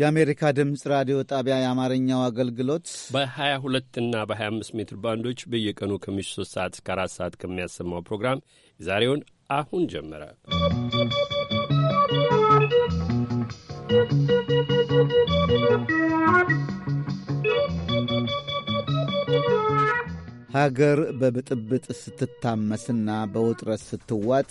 የአሜሪካ ድምፅ ራዲዮ ጣቢያ የአማርኛው አገልግሎት በ22 እና በ25 ሜትር ባንዶች በየቀኑ ከምሽቱ 3 ሰዓት እስከ 4 ሰዓት ከሚያሰማው ፕሮግራም የዛሬውን አሁን ጀመረ። ሀገር በብጥብጥ ስትታመስና በውጥረት ስትዋጥ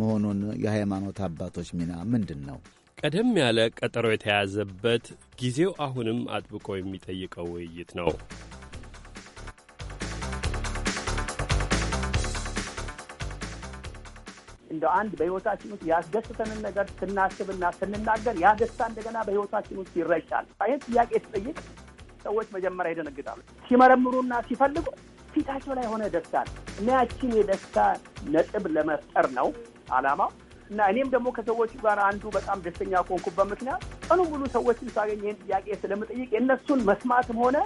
መሆኑን የሃይማኖት አባቶች ሚና ምንድን ነው? ቀደም ያለ ቀጠሮ የተያዘበት ጊዜው አሁንም አጥብቆ የሚጠይቀው ውይይት ነው። እንደ አንድ በህይወታችን ውስጥ ያስደስተንን ነገር ስናስብና ስንናገር ያ ደስታ እንደገና በህይወታችን ውስጥ ይረጫል። ይህን ጥያቄ ስጠይቅ ሰዎች መጀመሪያ ይደነግጣሉ። ሲመረምሩና ሲፈልጉ ፊታቸው ላይ የሆነ ደስታ ነው እና ያችን የደስታ ነጥብ ለመፍጠር ነው አላማው። እና እኔም ደግሞ ከሰዎቹ ጋር አንዱ በጣም ደስተኛ ኮንኩበት ምክንያት ቀኑ ሙሉ ሰዎችን ሳገኝ ይህን ጥያቄ ስለምጠይቅ የእነሱን መስማትም ሆነ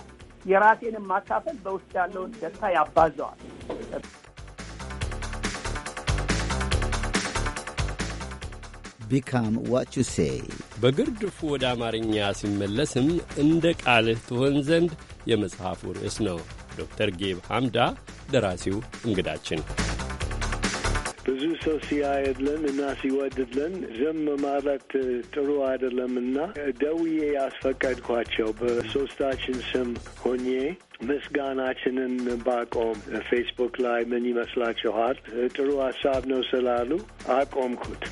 የራሴንም ማካፈል በውስጥ ያለውን ደስታ ያባዘዋል። ቢካም ዋት ዩ ሴይ በግርድፉ ወደ አማርኛ ሲመለስም እንደ ቃልህ ትሆን ዘንድ የመጽሐፉ ርዕስ ነው። ዶክተር ጌብ ሐምዳ ደራሲው እንግዳችን ብዙ ሰው ሲያየድለን እና ሲወድድለን ዝም ማለት ጥሩ አይደለም እና ደውዬ ያስፈቀድኳቸው በሶስታችን ስም ሆኜ ምስጋናችንን ባቆም ፌስቡክ ላይ ምን ይመስላችኋል? ጥሩ ሀሳብ ነው ስላሉ አቆምኩት።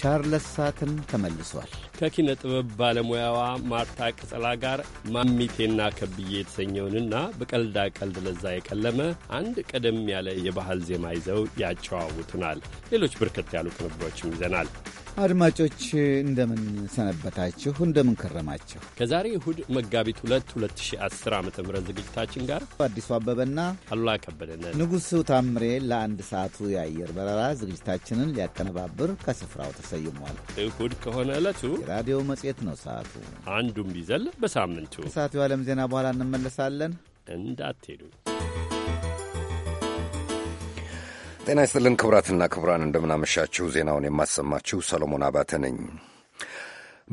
ቻርለስ ሳትን ተመልሷል። ከኪነ ጥበብ ባለሙያዋ ማርታ ቅጸላ ጋር ማሚቴና ከብዬ የተሰኘውንና በቀልዳ ቀልድ ለዛ የቀለመ አንድ ቀደም ያለ የባህል ዜማ ይዘው ያጨዋውቱናል። ሌሎች በርከት ያሉ ቅንብሮችም ይዘናል። አድማጮች እንደምን ሰነበታችሁ? እንደምን ከረማችሁ? ከዛሬ እሁድ መጋቢት 2 2010 ዓ ም ዝግጅታችን ጋር አዲሱ አበበና አሉላ ከበደነ ንጉሡ ታምሬ ለአንድ ሰዓቱ የአየር በረራ ዝግጅታችንን ሊያቀነባብር ከስፍራው ተሰይሟል። እሁድ ከሆነ ዕለቱ የራዲዮ መጽሔት ነው። ሰዓቱ አንዱም ቢዘል በሳምንቱ ከሰዓቱ የዓለም ዜና በኋላ እንመለሳለን። እንዳትሄዱ ጤና ይስጥልን ክቡራትና ክቡራን፣ እንደምናመሻችሁ። ዜናውን የማሰማችሁ ሰሎሞን አባተ ነኝ።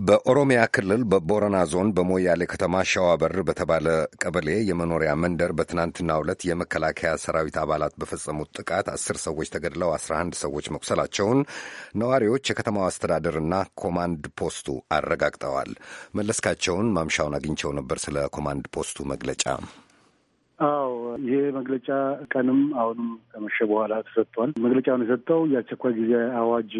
በኦሮሚያ ክልል በቦረና ዞን በሞያሌ ከተማ ሸዋበር በተባለ ቀበሌ የመኖሪያ መንደር በትናንትናው ዕለት የመከላከያ ሰራዊት አባላት በፈጸሙት ጥቃት አስር ሰዎች ተገድለው አስራ አንድ ሰዎች መቁሰላቸውን ነዋሪዎች የከተማው አስተዳደርና ኮማንድ ፖስቱ አረጋግጠዋል። መለስካቸውን ማምሻውን አግኝቸው ነበር። ስለ ኮማንድ ፖስቱ መግለጫ አዎ ይሄ መግለጫ ቀንም አሁንም ከመሸ በኋላ ተሰጥቷል። መግለጫውን የሰጠው የአስቸኳይ ጊዜ አዋጅ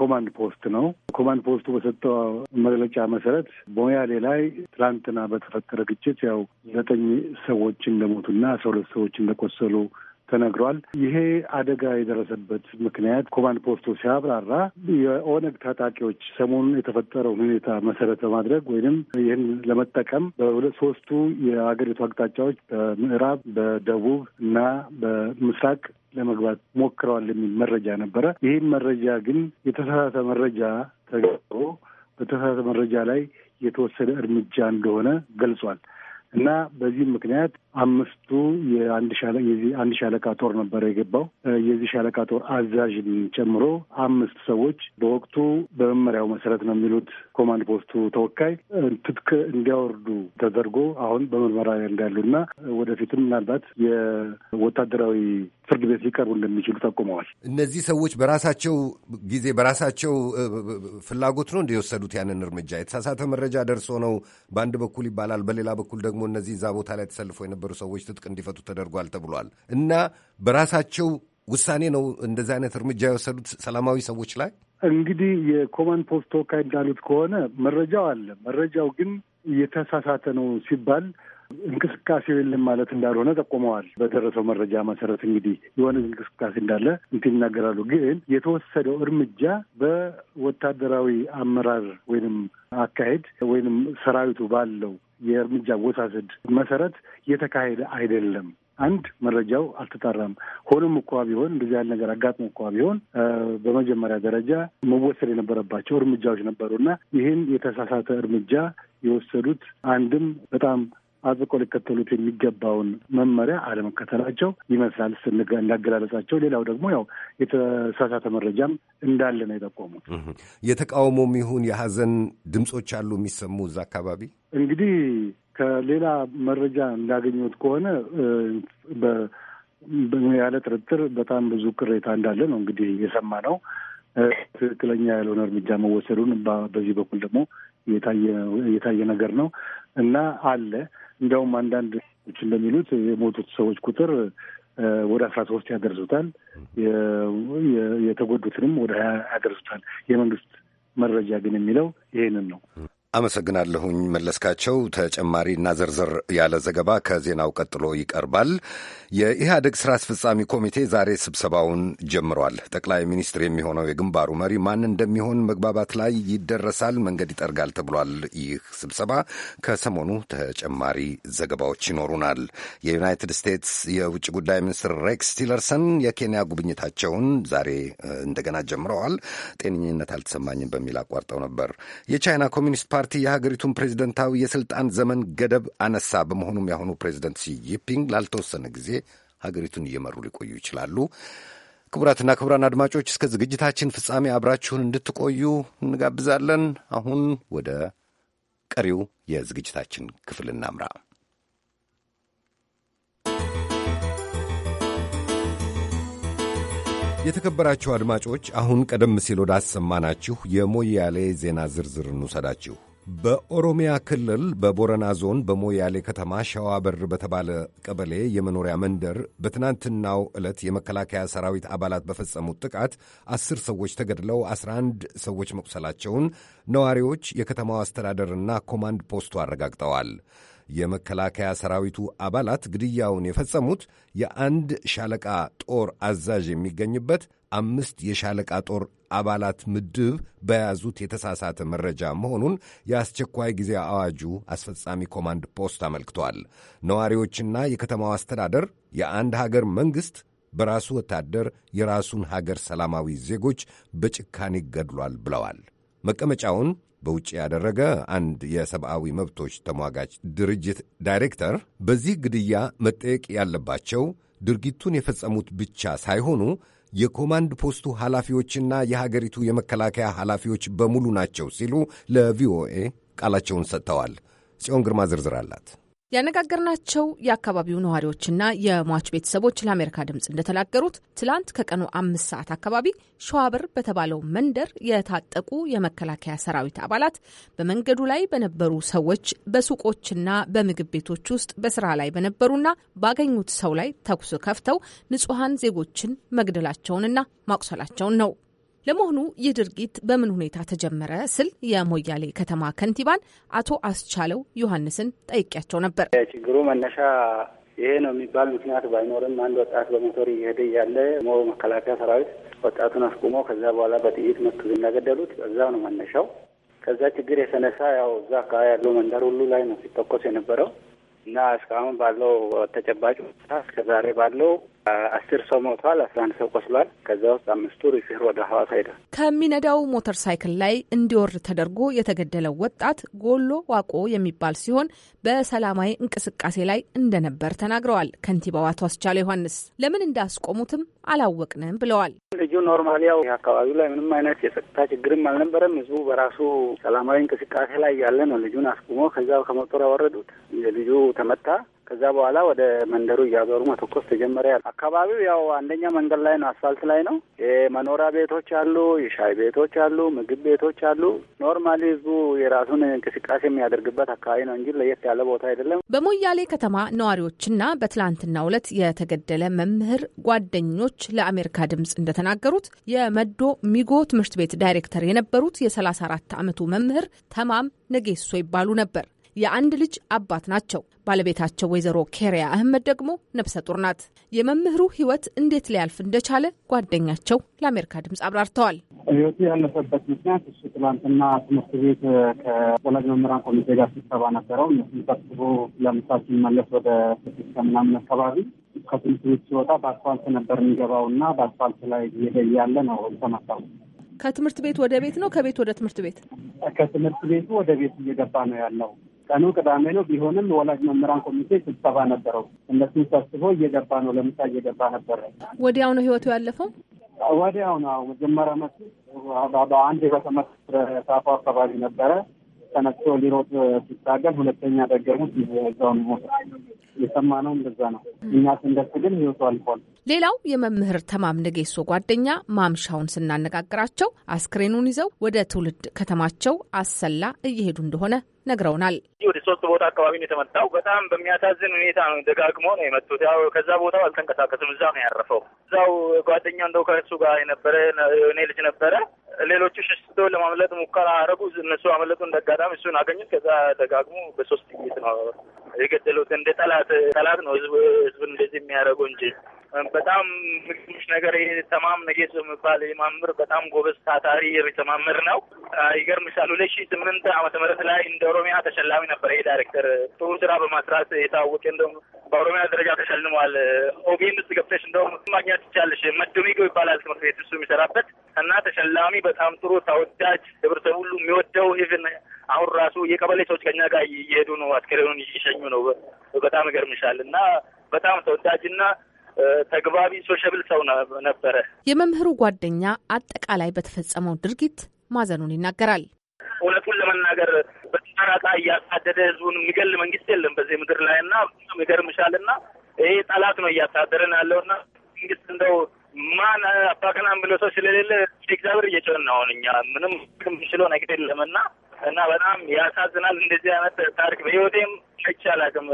ኮማንድ ፖስት ነው። ኮማንድ ፖስቱ በሰጠው መግለጫ መሰረት በሞያሌ ላይ ትላንትና በተፈጠረ ግጭት ያው ዘጠኝ ሰዎች እንደሞቱና አስራ ሁለት ሰዎች እንደቆሰሉ ተነግሯል። ይሄ አደጋ የደረሰበት ምክንያት ኮማንድ ፖስቱ ሲያብራራ የኦነግ ታጣቂዎች ሰሞኑን የተፈጠረውን ሁኔታ መሰረት በማድረግ ወይም ይህን ለመጠቀም በሁለት ሶስቱ የአገሪቱ አቅጣጫዎች በምዕራብ፣ በደቡብ እና በምስራቅ ለመግባት ሞክረዋል የሚል መረጃ ነበረ። ይህም መረጃ ግን የተሳሳተ መረጃ ተገብሮ በተሳሳተ መረጃ ላይ የተወሰደ እርምጃ እንደሆነ ገልጿል እና በዚህም ምክንያት አምስቱ የአንድ ሻለቃ ጦር ነበረ የገባው። የዚህ ሻለቃ ጦር አዛዥን ጨምሮ አምስት ሰዎች በወቅቱ በመመሪያው መሰረት ነው የሚሉት ኮማንድ ፖስቱ ተወካይ ትጥቅ እንዲያወርዱ ተደርጎ አሁን በምርመራ እንዳሉ እንዳሉና ወደፊትም ምናልባት የወታደራዊ ፍርድ ቤት ሊቀርቡ እንደሚችሉ ጠቁመዋል። እነዚህ ሰዎች በራሳቸው ጊዜ በራሳቸው ፍላጎት ነው እንደወሰዱት ያንን እርምጃ የተሳሳተ መረጃ ደርሶ ነው በአንድ በኩል ይባላል፣ በሌላ በኩል ደግሞ እነዚህ እዛ ቦታ ላይ ተሰልፎ የነበሩ ሰዎች ትጥቅ እንዲፈቱ ተደርጓል ተብሏል። እና በራሳቸው ውሳኔ ነው እንደዚህ አይነት እርምጃ የወሰዱት ሰላማዊ ሰዎች ላይ። እንግዲህ የኮማንድ ፖስት ተወካይ እንዳሉት ከሆነ መረጃው አለ። መረጃው ግን እየተሳሳተ ነው ሲባል እንቅስቃሴው የለም ማለት እንዳልሆነ ጠቁመዋል። በደረሰው መረጃ መሰረት እንግዲህ የሆነ እንቅስቃሴ እንዳለ እንትን ይናገራሉ። ግን የተወሰደው እርምጃ በወታደራዊ አመራር ወይንም አካሄድ ወይንም ሰራዊቱ ባለው የእርምጃ ወሳስድ መሰረት የተካሄደ አይደለም። አንድ መረጃው አልተጣራም። ሆኖም እኳ ቢሆን እንደዚህ ያለ ነገር አጋጥሞ እኳ ቢሆን በመጀመሪያ ደረጃ መወሰድ የነበረባቸው እርምጃዎች ነበሩ እና ይህን የተሳሳተ እርምጃ የወሰዱት አንድም በጣም አጥብቆ ሊከተሉት የሚገባውን መመሪያ አለመከተላቸው ይመስላል እንዳገላለጻቸው። ሌላው ደግሞ ያው የተሳሳተ መረጃም እንዳለ ነው የጠቆሙት። የተቃውሞም ይሁን የሀዘን ድምፆች አሉ የሚሰሙ እዛ አካባቢ እንግዲህ ከሌላ መረጃ እንዳገኘሁት ከሆነ ያለ ጥርጥር በጣም ብዙ ቅሬታ እንዳለ ነው እንግዲህ የሰማ ነው። ትክክለኛ ያልሆነ እርምጃ መወሰዱን በዚህ በኩል ደግሞ የታየ ነገር ነው እና አለ እንዲያውም አንዳንድ ች እንደሚሉት የሞቱት ሰዎች ቁጥር ወደ አስራ ሶስት ያደርሱታል። የተጎዱትንም ወደ ሀያ ያደርሱታል። የመንግስት መረጃ ግን የሚለው ይሄንን ነው። አመሰግናለሁኝ መለስካቸው። ተጨማሪና ዝርዝር ያለ ዘገባ ከዜናው ቀጥሎ ይቀርባል። የኢህአደግ ስራ አስፈጻሚ ኮሚቴ ዛሬ ስብሰባውን ጀምሯል። ጠቅላይ ሚኒስትር የሚሆነው የግንባሩ መሪ ማን እንደሚሆን መግባባት ላይ ይደረሳል፣ መንገድ ይጠርጋል ተብሏል። ይህ ስብሰባ ከሰሞኑ ተጨማሪ ዘገባዎች ይኖሩናል። የዩናይትድ ስቴትስ የውጭ ጉዳይ ሚኒስትር ሬክስ ቲለርሰን የኬንያ ጉብኝታቸውን ዛሬ እንደገና ጀምረዋል። ጤንኝነት አልተሰማኝም በሚል አቋርጠው ነበር። የቻይና ኮሚኒስት ፓርቲ የሀገሪቱን ፕሬዚደንታዊ የስልጣን ዘመን ገደብ አነሳ። በመሆኑም ያሁኑ ፕሬዚደንት ሺጂፒንግ ላልተወሰነ ጊዜ ሀገሪቱን እየመሩ ሊቆዩ ይችላሉ። ክቡራትና ክቡራን አድማጮች እስከ ዝግጅታችን ፍጻሜ አብራችሁን እንድትቆዩ እንጋብዛለን። አሁን ወደ ቀሪው የዝግጅታችን ክፍል እናምራ። የተከበራችሁ አድማጮች አሁን ቀደም ሲል ወዳሰማናችሁ የሞያሌ ዜና ዝርዝር እንውሰዳችሁ። በኦሮሚያ ክልል በቦረና ዞን በሞያሌ ከተማ ሸዋበር በተባለ ቀበሌ የመኖሪያ መንደር በትናንትናው ዕለት የመከላከያ ሰራዊት አባላት በፈጸሙት ጥቃት አስር ሰዎች ተገድለው 11 ሰዎች መቁሰላቸውን ነዋሪዎች የከተማው አስተዳደርና ኮማንድ ፖስቱ አረጋግጠዋል። የመከላከያ ሰራዊቱ አባላት ግድያውን የፈጸሙት የአንድ ሻለቃ ጦር አዛዥ የሚገኝበት አምስት የሻለቃ ጦር አባላት ምድብ በያዙት የተሳሳተ መረጃ መሆኑን የአስቸኳይ ጊዜ አዋጁ አስፈጻሚ ኮማንድ ፖስት አመልክቷል። ነዋሪዎችና የከተማው አስተዳደር የአንድ ሀገር መንግሥት በራሱ ወታደር የራሱን ሀገር ሰላማዊ ዜጎች በጭካኔ ገድሏል ብለዋል። መቀመጫውን በውጭ ያደረገ አንድ የሰብአዊ መብቶች ተሟጋች ድርጅት ዳይሬክተር በዚህ ግድያ መጠየቅ ያለባቸው ድርጊቱን የፈጸሙት ብቻ ሳይሆኑ የኮማንድ ፖስቱ ኃላፊዎችና የሀገሪቱ የመከላከያ ኃላፊዎች በሙሉ ናቸው ሲሉ ለቪኦኤ ቃላቸውን ሰጥተዋል። ጽዮን ግርማ ዝርዝር አላት። ያነጋገርናቸው የአካባቢው ነዋሪዎችና የሟች ቤተሰቦች ለአሜሪካ ድምፅ እንደተናገሩት ትላንት ከቀኑ አምስት ሰዓት አካባቢ ሸዋብር በተባለው መንደር የታጠቁ የመከላከያ ሰራዊት አባላት በመንገዱ ላይ በነበሩ ሰዎች፣ በሱቆችና በምግብ ቤቶች ውስጥ በስራ ላይ በነበሩና ባገኙት ሰው ላይ ተኩስ ከፍተው ንጹሐን ዜጎችን መግደላቸውንና ማቁሰላቸውን ነው ለመሆኑ ይህ ድርጊት በምን ሁኔታ ተጀመረ ስል የሞያሌ ከተማ ከንቲባን አቶ አስቻለው ዮሐንስን ጠይቄያቸው ነበር። ችግሩ መነሻ ይሄ ነው የሚባል ምክንያት ባይኖርም አንድ ወጣት በሞተር እየሄደ እያለ ሞ መከላከያ ሰራዊት ወጣቱን አስቁሞ ከዛ በኋላ በጥይት መቱ እንዳገደሉት እዛ ነው መነሻው። ከዛ ችግር የተነሳ ያው እዛ አካባቢ ያለው መንደር ሁሉ ላይ ነው ሲተኮስ የነበረው እና እስካሁን ባለው ተጨባጭ ሁኔታ እስከዛሬ ባለው አስር ሰው ሞቷል። አስራ አንድ ሰው ቆስሏል። ከዛ ውስጥ አምስቱ ሪፌር ወደ ሐዋሳ ሄደ። ከሚነዳው ሞተር ሳይክል ላይ እንዲወርድ ተደርጎ የተገደለው ወጣት ጎሎ ዋቆ የሚባል ሲሆን በሰላማዊ እንቅስቃሴ ላይ እንደነበር ተናግረዋል። ከንቲባዋ አቶ አስቻለ ዮሐንስ ለምን እንዳስቆሙትም አላወቅንም ብለዋል። ልጁ ኖርማል ያው አካባቢው ላይ ምንም አይነት የጸጥታ ችግርም አልነበረም። ህዝቡ በራሱ ሰላማዊ እንቅስቃሴ ላይ ያለ ነው። ልጁን አስቁሞ ከዛ ከሞተር ያወረዱት ልጁ ተመታ። ከዛ በኋላ ወደ መንደሩ እያዞሩ መተኮስ ተጀመረ። አካባቢው ያው አንደኛ መንገድ ላይ ነው፣ አስፋልት ላይ ነው። የመኖሪያ ቤቶች አሉ፣ የሻይ ቤቶች አሉ፣ ምግብ ቤቶች አሉ። ኖርማሊ ህዝቡ የራሱን እንቅስቃሴ የሚያደርግበት አካባቢ ነው እንጂ ለየት ያለ ቦታ አይደለም። በሞያሌ ከተማ ነዋሪዎችና በትላንትና ሁለት የተገደለ መምህር ጓደኞች ለአሜሪካ ድምጽ እንደተናገሩት የመዶ ሚጎ ትምህርት ቤት ዳይሬክተር የነበሩት የ34 ዓመቱ መምህር ተማም ነጌሶ ይባሉ ነበር። የአንድ ልጅ አባት ናቸው። ባለቤታቸው ወይዘሮ ኬሪያ አህመድ ደግሞ ነፍሰ ጡር ናት። የመምህሩ ህይወት እንዴት ሊያልፍ እንደቻለ ጓደኛቸው ለአሜሪካ ድምፅ አብራርተዋል። ህይወቱ ያለፈበት ምክንያት እሱ ትላንትና ትምህርት ቤት ከወላጅ መምህራን ኮሚቴ ጋር ስብሰባ ነበረው። እነሱም ሰብስቦ ለምሳ ሲመለስ ወደ ስድስት ከምናምን አካባቢ ከትምህርት ቤት ሲወጣ በአስፋልት ነበር የሚገባው እና በአስፋልት ላይ እየሄደ ያለ ነው ተመታው። ከትምህርት ቤት ወደ ቤት ነው ከቤት ወደ ትምህርት ቤት ከትምህርት ቤቱ ወደ ቤት እየገባ ነው ያለው ቀኑ ቅዳሜ ነው። ቢሆንም ወላጅ መምህራን ኮሚቴ ስብሰባ ነበረው። እነሱን ሰብስቦ እየገባ ነው፣ ለምሳ እየገባ ነበረ። ወዲያው ነው ህይወቱ ያለፈው። ወዲያው ነው። መጀመሪያ መስ በአንድ በተመስረ ሳፋ አካባቢ ነበረ ተነስቶ ሊሮጥ ሲታገል፣ ሁለተኛ ደገሙት። ደግሞ የሰማ ነው እንደዛ ነው። እኛ ስንደርስ ግን ህይወቱ አልፏል። ሌላው የመምህር ተማም ነጌሶ ጓደኛ ማምሻውን ስናነጋግራቸው አስክሬኑን ይዘው ወደ ትውልድ ከተማቸው አሰላ እየሄዱ እንደሆነ ነግረውናል። ወደ ሶስት ቦታ አካባቢ ነው የተመጣው። በጣም በሚያሳዝን ሁኔታ ነው። ደጋግሞ ነው የመጡት። ያው ከዛ ቦታው አልተንቀሳቀስም። እዛ ነው ያረፈው። እዛው ጓደኛው እንደው ከእሱ ጋር የነበረ የኔ ልጅ ነበረ። ሌሎቹ ሸሽተው ለማምለጥ ሙከራ አረጉ። እነሱ አመለጡ። አጋጣሚ እሱን አገኙት። ከዛ ደጋግሞ በሶስት ጥይት ነው የገደሉት። እንደ ጠላት ጠላት ነው ህዝብ ህዝብን እንደዚህ የሚያደርገው እንጂ በጣም ምግቦች ነገር ተማም ነጌሶ የሚባል የማምር በጣም ጎበዝ ታታሪ የተማምር ነው። ይገርምሻል ሁለት ሺ ስምንት አመተ ምህረት ላይ እንደ ኦሮሚያ ተሸላሚ ነበር። ይሄ ዳይሬክተር ጥሩ ስራ በማስራት የታወቀ እንደውም በኦሮሚያ ደረጃ ተሸልሟል። ኦቤን ውስጥ ገብተሽ እንደውም ማግኘት ትቻለሽ። መዶሚጎ ይባላል ትምህርት ቤት እሱ የሚሰራበት እና ተሸላሚ በጣም ጥሩ ተወዳጅ፣ ህብረተሰቡ ሁሉ የሚወደው ኢቭን አሁን ራሱ የቀበሌ ሰዎች ከኛ ጋር እየሄዱ ነው፣ አስከሬኑን እየሸኙ ነው። በጣም ይገርምሻል እና በጣም ተወዳጅ ተወዳጅና ተግባቢ ሶሸብል ሰው ነበረ። የመምህሩ ጓደኛ አጠቃላይ በተፈጸመው ድርጊት ማዘኑን ይናገራል። እውነቱን ለመናገር በተራጣ እያሳደደ ህዝቡን የሚገል መንግስት የለም በዚህ ምድር ላይ እና ይገርምሻል እና ይሄ ጠላት ነው እያሳደረን ያለው እና መንግስት እንደው ማን አባከና ብሎ ሰው ስለሌለ እግዚአብሔር እየጮህን ነው። አሁን እኛ ምንም ምንችለው ነገር የለም እና እና በጣም ያሳዝናል። እንደዚህ አይነት ታሪክ በህይወቴም አይቼ አላውቅም።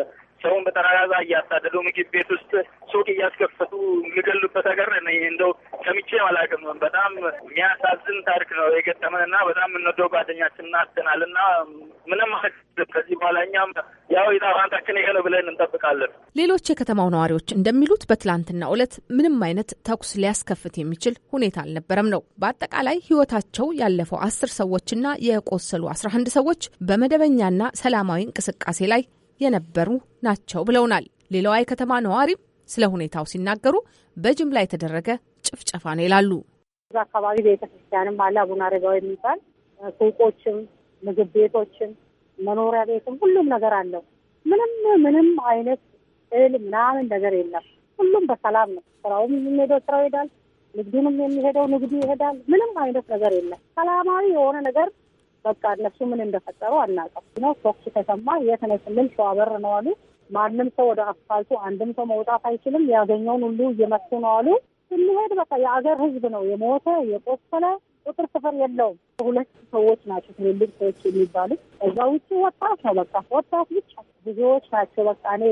ሰውን በጠራራ እያሳደዱ ምግብ ቤት ውስጥ ሱቅ እያስከፈቱ የሚገሉበት ሀገር እንደው ሰምቼ አላውቅም። በጣም የሚያሳዝን ታሪክ ነው የገጠመን እና በጣም የምንወደው ጓደኛችን ናትናል እና ምንም ከዚህ በኋላ እኛም ያው የጣፋንታችን ይሄ ነው ብለን እንጠብቃለን። ሌሎች የከተማው ነዋሪዎች እንደሚሉት በትላንትና ዕለት ምንም አይነት ተኩስ ሊያስከፍት የሚችል ሁኔታ አልነበረም ነው። በአጠቃላይ ህይወታቸው ያለፈው አስር ሰዎችና የቆሰሉ አስራ አንድ ሰዎች በመደበኛና ሰላማዊ እንቅስቃሴ ላይ የነበሩ ናቸው ብለውናል። ሌላዋ የከተማ ነዋሪም ስለ ሁኔታው ሲናገሩ በጅምላ የተደረገ ጭፍጨፋ ነው ይላሉ። እዛ አካባቢ ቤተክርስቲያንም አለ አቡነ አረጋዊ የሚባል ሱቆችም፣ ምግብ ቤቶችም፣ መኖሪያ ቤትም ሁሉም ነገር አለው። ምንም ምንም አይነት እህል ምናምን ነገር የለም። ሁሉም በሰላም ነው። ስራውም የሚሄደው ስራው ይሄዳል፣ ንግዱንም የሚሄደው ንግዱ ይሄዳል። ምንም አይነት ነገር የለም። ሰላማዊ የሆነ ነገር በቃ እነሱ ምን እንደፈጠሩ አናውቅም ነው። ቶክስ ተሰማ የት ነው ስንል ሸዋበር ነው አሉ። ማንም ሰው ወደ አስፋልቱ አንድም ሰው መውጣት አይችልም። ያገኘውን ሁሉ እየመቱ ነው አሉ። ስንሄድ በቃ የአገር ህዝብ ነው የሞተ የቆሰለ ቁጥር ስፍር የለውም። ሁለት ሰዎች ናቸው ትልልቅ ሰዎች የሚባሉት። እዛ ውጭ ወጣት ነው በቃ ወጣት ብቻ ብዙዎች ናቸው። በቃ እኔ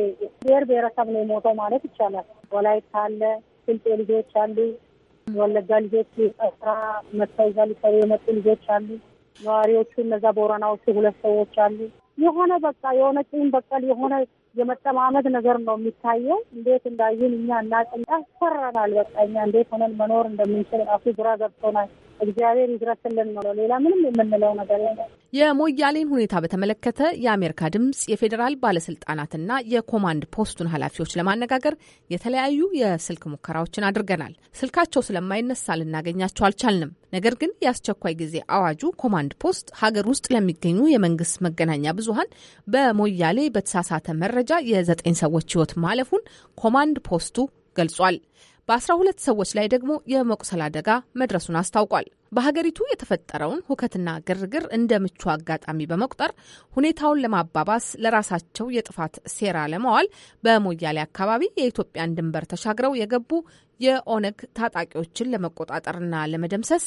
ብሔር ብሔረሰብ ነው የሞተው ማለት ይቻላል። ወላይታ አለ፣ ስልጤ ልጆች አሉ፣ ወለጋ ልጆች ስራ መታይዛ ሊሰሩ የመጡ ልጆች አሉ። ነዋሪዎቹ እነዛ ቦረናዎቹ ሁለት ሰዎች አሉ። የሆነ በቃ የሆነ ጭም በቀል የሆነ የመጠማመት ነገር ነው የሚታየው። እንዴት እንዳዩን እኛ እናቅም፣ ያስፈራናል። በቃ እኛ እንዴት ሆነን መኖር እንደምንችል ራሱ ግራ ገብቶናል። እግዚአብሔር ይድረስልን ነው፣ ሌላ ምንም የምንለው ነገር የሞያሌን ሁኔታ በተመለከተ የአሜሪካ ድምጽ የፌዴራል ባለስልጣናትና የኮማንድ ፖስቱን ኃላፊዎች ለማነጋገር የተለያዩ የስልክ ሙከራዎችን አድርገናል። ስልካቸው ስለማይነሳ ልናገኛቸው አልቻልንም። ነገር ግን የአስቸኳይ ጊዜ አዋጁ ኮማንድ ፖስት ሀገር ውስጥ ለሚገኙ የመንግስት መገናኛ ብዙ ብዙሀን በሞያሌ በተሳሳተ መረጃ የዘጠኝ ሰዎች ሕይወት ማለፉን ኮማንድ ፖስቱ ገልጿል። በአስራ ሁለት ሰዎች ላይ ደግሞ የመቁሰል አደጋ መድረሱን አስታውቋል። በሀገሪቱ የተፈጠረውን ሁከትና ግርግር እንደ ምቹ አጋጣሚ በመቁጠር ሁኔታውን ለማባባስ ለራሳቸው የጥፋት ሴራ ለመዋል በሞያሌ አካባቢ የኢትዮጵያን ድንበር ተሻግረው የገቡ የኦነግ ታጣቂዎችን ለመቆጣጠርና ለመደምሰስ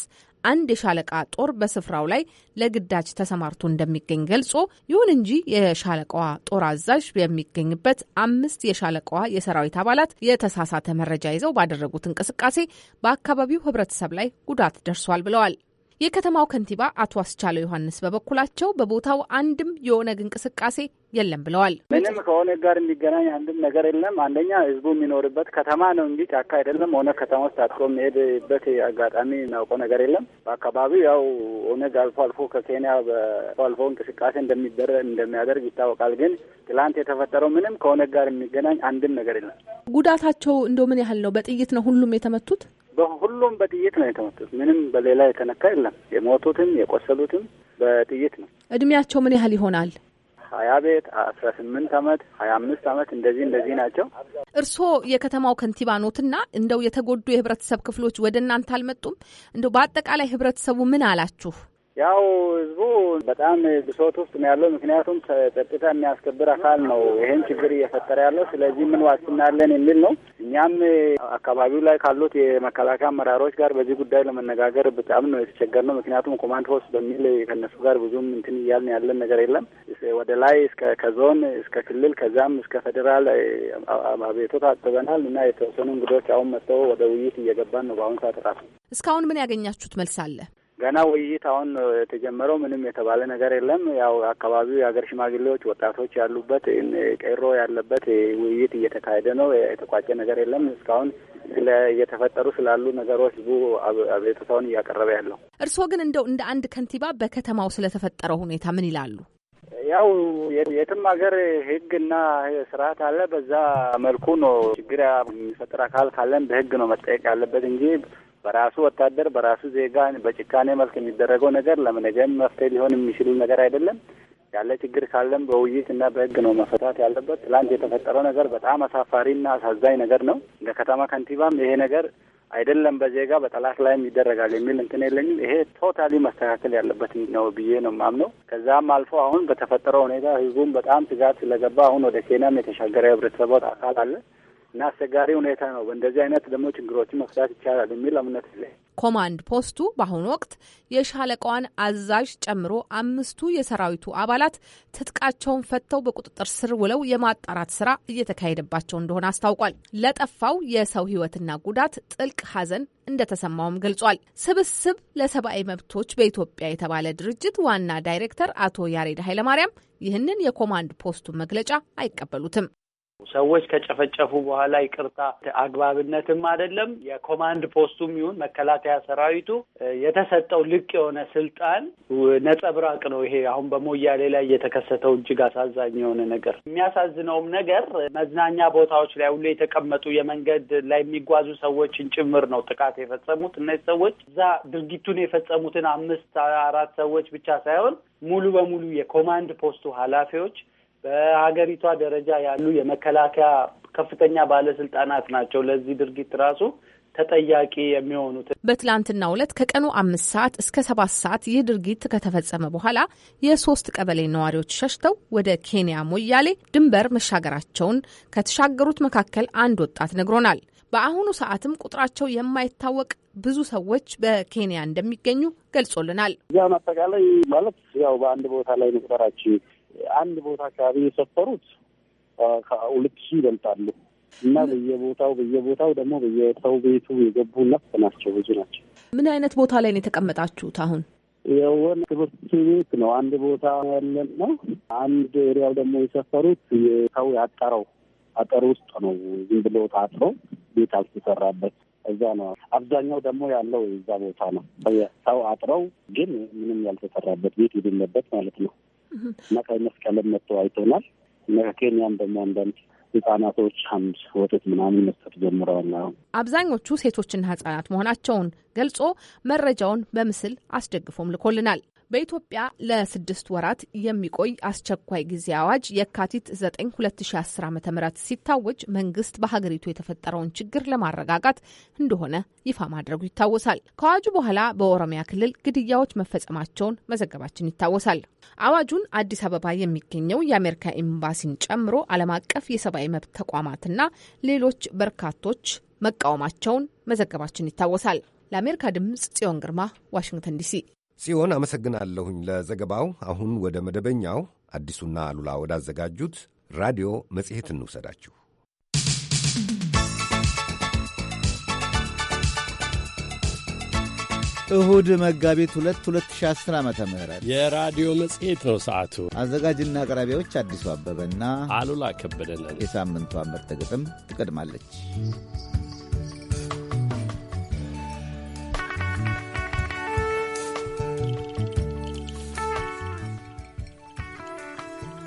አንድ የሻለቃ ጦር በስፍራው ላይ ለግዳጅ ተሰማርቶ እንደሚገኝ ገልጾ ይሁን እንጂ የሻለቃዋ ጦር አዛዥ የሚገኝበት አምስት የሻለቃዋ የሰራዊት አባላት የተሳሳተ መረጃ ይዘው ባደረጉት እንቅስቃሴ በአካባቢው ህብረተሰብ ላይ ጉዳት ደርሷል ብለዋል። የከተማው ከንቲባ አቶ አስቻለው ዮሐንስ በበኩላቸው በቦታው አንድም የኦነግ እንቅስቃሴ የለም ብለዋል። ምንም ከኦነግ ጋር የሚገናኝ አንድም ነገር የለም። አንደኛ ህዝቡ የሚኖርበት ከተማ ነው እንጂ ጫካ አይደለም። ኦነግ ከተማ ውስጥ አጥቆ የሚሄድበት አጋጣሚ እናውቀው ነገር የለም። በአካባቢው ያው ኦነግ አልፎ አልፎ ከኬንያ በአልፎ አልፎ እንቅስቃሴ እንደሚደረግ እንደሚያደርግ ይታወቃል። ግን ትላንት የተፈጠረው ምንም ከኦነግ ጋር የሚገናኝ አንድም ነገር የለም። ጉዳታቸው እንደው ምን ያህል ነው? በጥይት ነው ሁሉም የተመቱት? በሁሉም በጥይት ነው የተመቱት። ምንም በሌላ የተነካ የለም። የሞቱትም የቆሰሉትም በጥይት ነው። እድሜያቸው ምን ያህል ይሆናል? ሀያ ቤት አስራ ስምንት አመት ሀያ አምስት አመት እንደዚህ እንደዚህ ናቸው። እርስዎ የከተማው ከንቲባ ኖትና እንደው የተጎዱ የህብረተሰብ ክፍሎች ወደ እናንተ አልመጡም? እንደው በአጠቃላይ ህብረተሰቡ ምን አላችሁ? ያው ህዝቡ በጣም ብሶት ውስጥ ነው ያለው። ምክንያቱም ጸጥታ የሚያስከብር አካል ነው ይህን ችግር እየፈጠረ ያለው። ስለዚህ ምን ዋስትና አለን የሚል ነው። እኛም አካባቢው ላይ ካሉት የመከላከያ አመራሮች ጋር በዚህ ጉዳይ ለመነጋገር በጣም ነው የተቸገርነው። ምክንያቱም ኮማንድ ፖስት በሚል ከነሱ ጋር ብዙም እንትን እያልን ያለን ነገር የለም። ወደ ላይ እስከ ከዞን እስከ ክልል ከዛም እስከ ፌዴራል አቤቱታ አቅርበናል እና የተወሰኑ እንግዶች አሁን መጥተው ወደ ውይይት እየገባን ነው በአሁኑ ሰዓት። ራሱ እስካሁን ምን ያገኛችሁት መልስ አለ? ገና ውይይት አሁን የተጀመረው ምንም የተባለ ነገር የለም። ያው አካባቢው የሀገር ሽማግሌዎች፣ ወጣቶች ያሉበት ቀይሮ ያለበት ውይይት እየተካሄደ ነው። የተቋጨ ነገር የለም እስካሁን ስለ እየተፈጠሩ ስላሉ ነገሮች ህዝቡ አቤቱታውን እያቀረበ ያለው። እርስዎ ግን እንደው እንደ አንድ ከንቲባ በከተማው ስለተፈጠረው ሁኔታ ምን ይላሉ? ያው የትም ሀገር ህግና ስርዓት አለ። በዛ መልኩ ነው ችግር የሚፈጥር አካል ካለን በህግ ነው መጠየቅ ያለበት እንጂ በራሱ ወታደር በራሱ ዜጋ በጭካኔ መልክ የሚደረገው ነገር ለነገም መፍትሄ ሊሆን የሚችሉ ነገር አይደለም። ያለ ችግር ካለም በውይይት እና በህግ ነው መፈታት ያለበት። ትላንት የተፈጠረው ነገር በጣም አሳፋሪና አሳዛኝ ነገር ነው። እንደ ከተማ ከንቲባም ይሄ ነገር አይደለም በዜጋ በጠላት ላይም ይደረጋል የሚል እንትን የለኝም። ይሄ ቶታሊ መስተካከል ያለበት ነው ብዬ ነው ማምነው። ከዛም አልፎ አሁን በተፈጠረው ሁኔታ ህዝቡም በጣም ስጋት ስለገባ አሁን ወደ ኬንያም የተሻገረ ህብረተሰቦት አካል አለ እና አስቸጋሪ ሁኔታ ነው። በእንደዚህ አይነት ደግሞ ችግሮችን መፍታት ይቻላል የሚል እምነት ለ ኮማንድ ፖስቱ በአሁኑ ወቅት የሻለቃዋን አዛዥ ጨምሮ አምስቱ የሰራዊቱ አባላት ትጥቃቸውን ፈተው በቁጥጥር ስር ውለው የማጣራት ስራ እየተካሄደባቸው እንደሆነ አስታውቋል። ለጠፋው የሰው ሕይወትና ጉዳት ጥልቅ ሐዘን እንደተሰማውም ገልጿል። ስብስብ ለሰብአዊ መብቶች በኢትዮጵያ የተባለ ድርጅት ዋና ዳይሬክተር አቶ ያሬድ ኃይለማርያም ይህንን የኮማንድ ፖስቱ መግለጫ አይቀበሉትም። ሰዎች ከጨፈጨፉ በኋላ ይቅርታ አግባብነትም አይደለም። የኮማንድ ፖስቱም ይሁን መከላከያ ሰራዊቱ የተሰጠው ልቅ የሆነ ስልጣን ነጸብራቅ ነው። ይሄ አሁን በሞያሌ ላይ የተከሰተው እጅግ አሳዛኝ የሆነ ነገር። የሚያሳዝነውም ነገር መዝናኛ ቦታዎች ላይ ሁሉ የተቀመጡ የመንገድ ላይ የሚጓዙ ሰዎችን ጭምር ነው ጥቃት የፈጸሙት። እነዚህ ሰዎች እዛ ድርጊቱን የፈጸሙትን አምስት አራት ሰዎች ብቻ ሳይሆን ሙሉ በሙሉ የኮማንድ ፖስቱ ኃላፊዎች በሀገሪቷ ደረጃ ያሉ የመከላከያ ከፍተኛ ባለስልጣናት ናቸው ለዚህ ድርጊት ራሱ ተጠያቂ የሚሆኑት። በትላንትናው ዕለት ከቀኑ አምስት ሰዓት እስከ ሰባት ሰዓት ይህ ድርጊት ከተፈጸመ በኋላ የሶስት ቀበሌ ነዋሪዎች ሸሽተው ወደ ኬንያ ሞያሌ ድንበር መሻገራቸውን ከተሻገሩት መካከል አንድ ወጣት ነግሮናል። በአሁኑ ሰዓትም ቁጥራቸው የማይታወቅ ብዙ ሰዎች በኬንያ እንደሚገኙ ገልጾልናል። እዚያን አጠቃላይ ማለት ያው በአንድ ቦታ ላይ መቁጠራችን አንድ ቦታ አካባቢ የሰፈሩት ሁለት ሺህ ይበልጣሉ። እና በየቦታው በየቦታው ደግሞ በየሰው ቤቱ የገቡ ነፍ ናቸው፣ ብዙ ናቸው። ምን አይነት ቦታ ላይ ነው የተቀመጣችሁት? አሁን የወን ትምህርት ቤት ነው አንድ ቦታ ያለን ነው። አንድ ኤሪያው ደግሞ የሰፈሩት የሰው ያጠረው አጠር ውስጥ ነው። ዝም ብሎ ታጥሮ ቤት አልተሰራበት እዛ ነው። አብዛኛው ደግሞ ያለው እዛ ቦታ ነው። ሰው አጥረው ግን ምንም ያልተሰራበት ቤት የሌለበት ማለት ነው። እና ቀይ መስቀልም መጥቶ አይቶናል። ከኬንያም ደግሞ አንዳንድ ህጻናቶች አንድ ወተት ምናምን መስጠት ጀምረዋል። አሁን አብዛኞቹ ሴቶችና ህጻናት መሆናቸውን ገልጾ መረጃውን በምስል አስደግፎም ልኮልናል። በኢትዮጵያ ለስድስት ወራት የሚቆይ አስቸኳይ ጊዜ አዋጅ የካቲት 9 2010 ዓ ም ሲታወጅ መንግስት በሀገሪቱ የተፈጠረውን ችግር ለማረጋጋት እንደሆነ ይፋ ማድረጉ ይታወሳል። ከአዋጁ በኋላ በኦሮሚያ ክልል ግድያዎች መፈጸማቸውን መዘገባችን ይታወሳል። አዋጁን አዲስ አበባ የሚገኘው የአሜሪካ ኤምባሲን ጨምሮ ዓለም አቀፍ የሰብአዊ መብት ተቋማትና ሌሎች በርካቶች መቃወማቸውን መዘገባችን ይታወሳል። ለአሜሪካ ድምጽ ጽዮን ግርማ ዋሽንግተን ዲሲ ጽዮን አመሰግናለሁኝ ለዘገባው። አሁን ወደ መደበኛው አዲሱና አሉላ ወዳዘጋጁት ራዲዮ መጽሔት እንውሰዳችሁ። እሁድ መጋቢት 2 2010 ዓ ም የራዲዮ መጽሔት ነው ሰዓቱ። አዘጋጅና አቅራቢዎች አዲሱ አበበና አሉላ ከበደለን። የሳምንቷ ምርጥ ግጥም ትቀድማለች።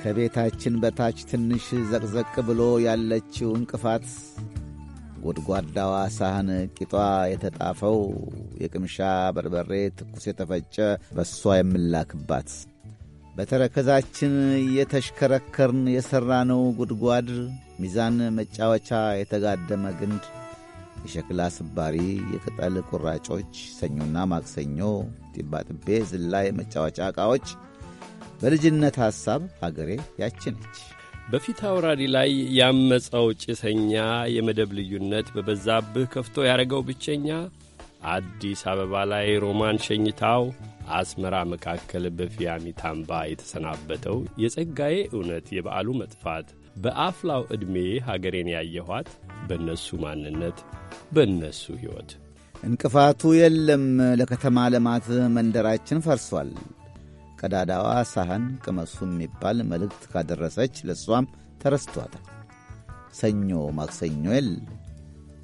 ከቤታችን በታች ትንሽ ዘቅዘቅ ብሎ ያለችው እንቅፋት ጎድጓዳዋ ሳህን ቂጧ የተጣፈው የቅምሻ በርበሬ ትኩስ የተፈጨ በሷ የምላክባት በተረከዛችን የተሽከረከርን የሠራነው ጉድጓድ ሚዛን መጫወቻ የተጋደመ ግንድ የሸክላ ስባሪ የቅጠል ቁራጮች ሰኞና ማክሰኞ ጢባጥቤ ዝላይ መጫወቻ ዕቃዎች በልጅነት ሐሳብ አገሬ ያች ነች። በፊት አውራሪ ላይ ያመፀው ጭሰኛ የመደብ ልዩነት በበዛብህ ከፍቶ ያደረገው ብቸኛ አዲስ አበባ ላይ ሮማን ሸኝታው አስመራ መካከል በፊያሚታምባ የተሰናበተው የጸጋዬ እውነት የበዓሉ መጥፋት በአፍላው ዕድሜ ሀገሬን ያየኋት በእነሱ ማንነት በእነሱ ሕይወት እንቅፋቱ የለም ለከተማ ልማት መንደራችን ፈርሷል። ቀዳዳዋ ሳህን ቅመሱ የሚባል መልእክት ካደረሰች ለእሷም ተረስቷታል። ሰኞ ማክሰኞ የል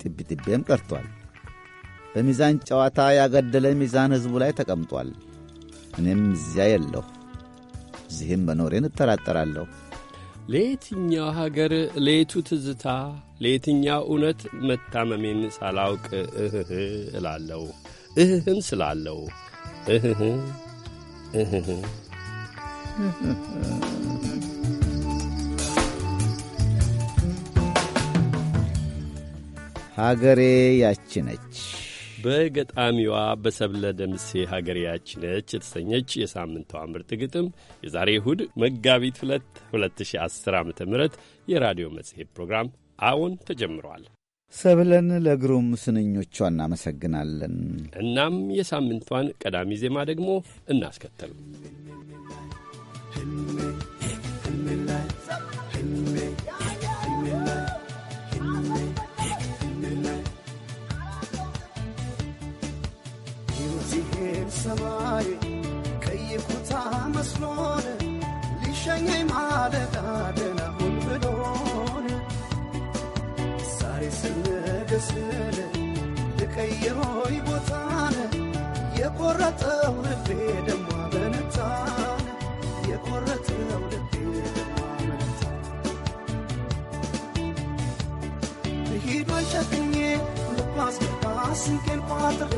ጥብጥቤም ቀርቷል። በሚዛን ጨዋታ ያገደለ ሚዛን ሕዝቡ ላይ ተቀምጧል። እኔም እዚያ የለሁ እዚህም መኖሬን እተራጠራለሁ። ለየትኛው ሀገር ለየቱ ትዝታ ለየትኛው እውነት መታመሜን ሳላውቅ እህህ እላለሁ እህህም ስላለው እህህ ሀገሬ ነች በገጣሚዋ በሰብለ ደምሴ ሀገሬ ያችነች የተሰኘች የሳምንቷ ምርጥ ግጥም የዛሬ እሁድ መጋቢት 2 2010 ዓ ም የራዲዮ መጽሔት ፕሮግራም አዎን ተጀምሯል። ሰብለን ለግሩም ስንኞቿ እናመሰግናለን። እናም የሳምንቷን ቀዳሚ ዜማ ደግሞ እናስከተሉ። ሰማይ ከይኩታ መስሎን ሊሸኘኝ ማለዳ ሁን ብሎ ስንገስል የቀየሮይ ቦታን የቆረጠው ልቤ ደማ መነታን የቆረጠው ልቤ ደማ መነታን ሂዶይ ጨክኜ ልባስ ስንቄን ቋጥሬ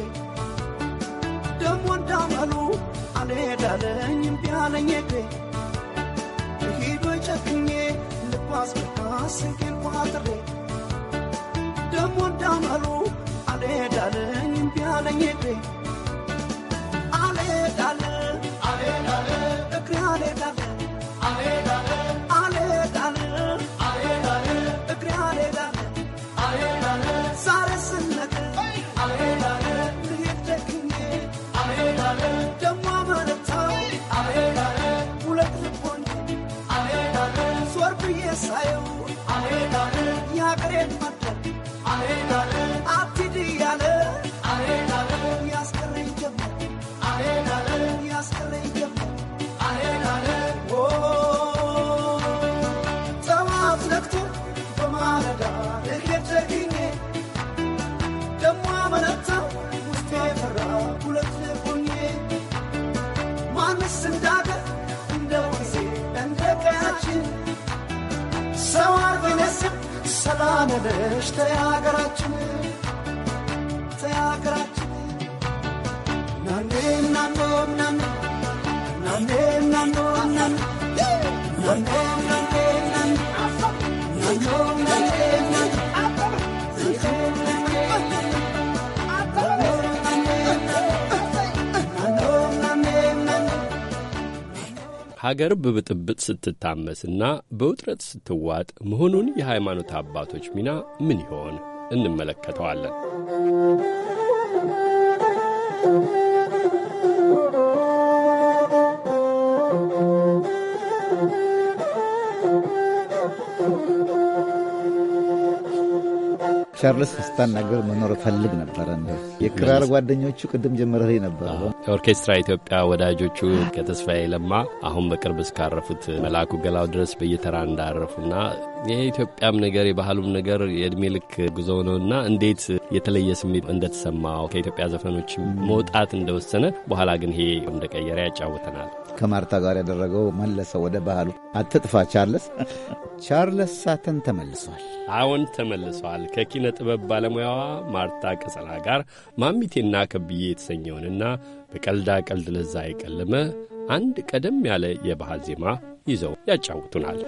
ደሞ እንዳመሉ አልሄዳለኝ እምቢ አለኝ እግሬ ጨክኜ ልባስ ስንቄን ቋጥሬ ደግሞ እንዳመሉ አልሄዳለኝ እምቢ አለኝ እግሬ አልሄዳለ እግሬ አልሄዳለ ሰላም ነሽ ተያገራችን ተያገራችን ናኔ ናኖ ናኔ ናኔ ናኖ ናኔ ናኔ ናኔ ሀገር በብጥብጥ ስትታመስና በውጥረት ስትዋጥ መሆኑን የሃይማኖት አባቶች ሚና ምን ይሆን? እንመለከተዋለን። ቻርልስ ስታናገር መኖር ፈልግ ነበረ። የክራር ጓደኞቹ ቅድም ጀመረ ነበረ ኦርኬስትራ ኢትዮጵያ ወዳጆቹ ከተስፋዬ ለማ አሁን በቅርብ እስካረፉት መላኩ ገላው ድረስ በየተራ እንዳረፉና የኢትዮጵያም ነገር የባህሉም ነገር የእድሜ ልክ ጉዞ ነው እና እንዴት የተለየ ስሜት እንደተሰማው ከኢትዮጵያ ዘፈኖች መውጣት እንደወሰነ በኋላ ግን ይሄ እንደቀየረ ያጫውተናል። ከማርታ ጋር ያደረገው መለሰ ወደ ባህሉ አትጥፋ ቻርለስ ቻርለስ ሳተን ተመልሷል። አዎን ተመልሷል። ከኪነ ጥበብ ባለሙያዋ ማርታ ቀጸላ ጋር ማሚቴና ከብዬ የተሰኘውንና በቀልዳ ቀልድ ለዛ የቀለመ አንድ ቀደም ያለ የባህል ዜማ ይዘው ያጫውቱናል።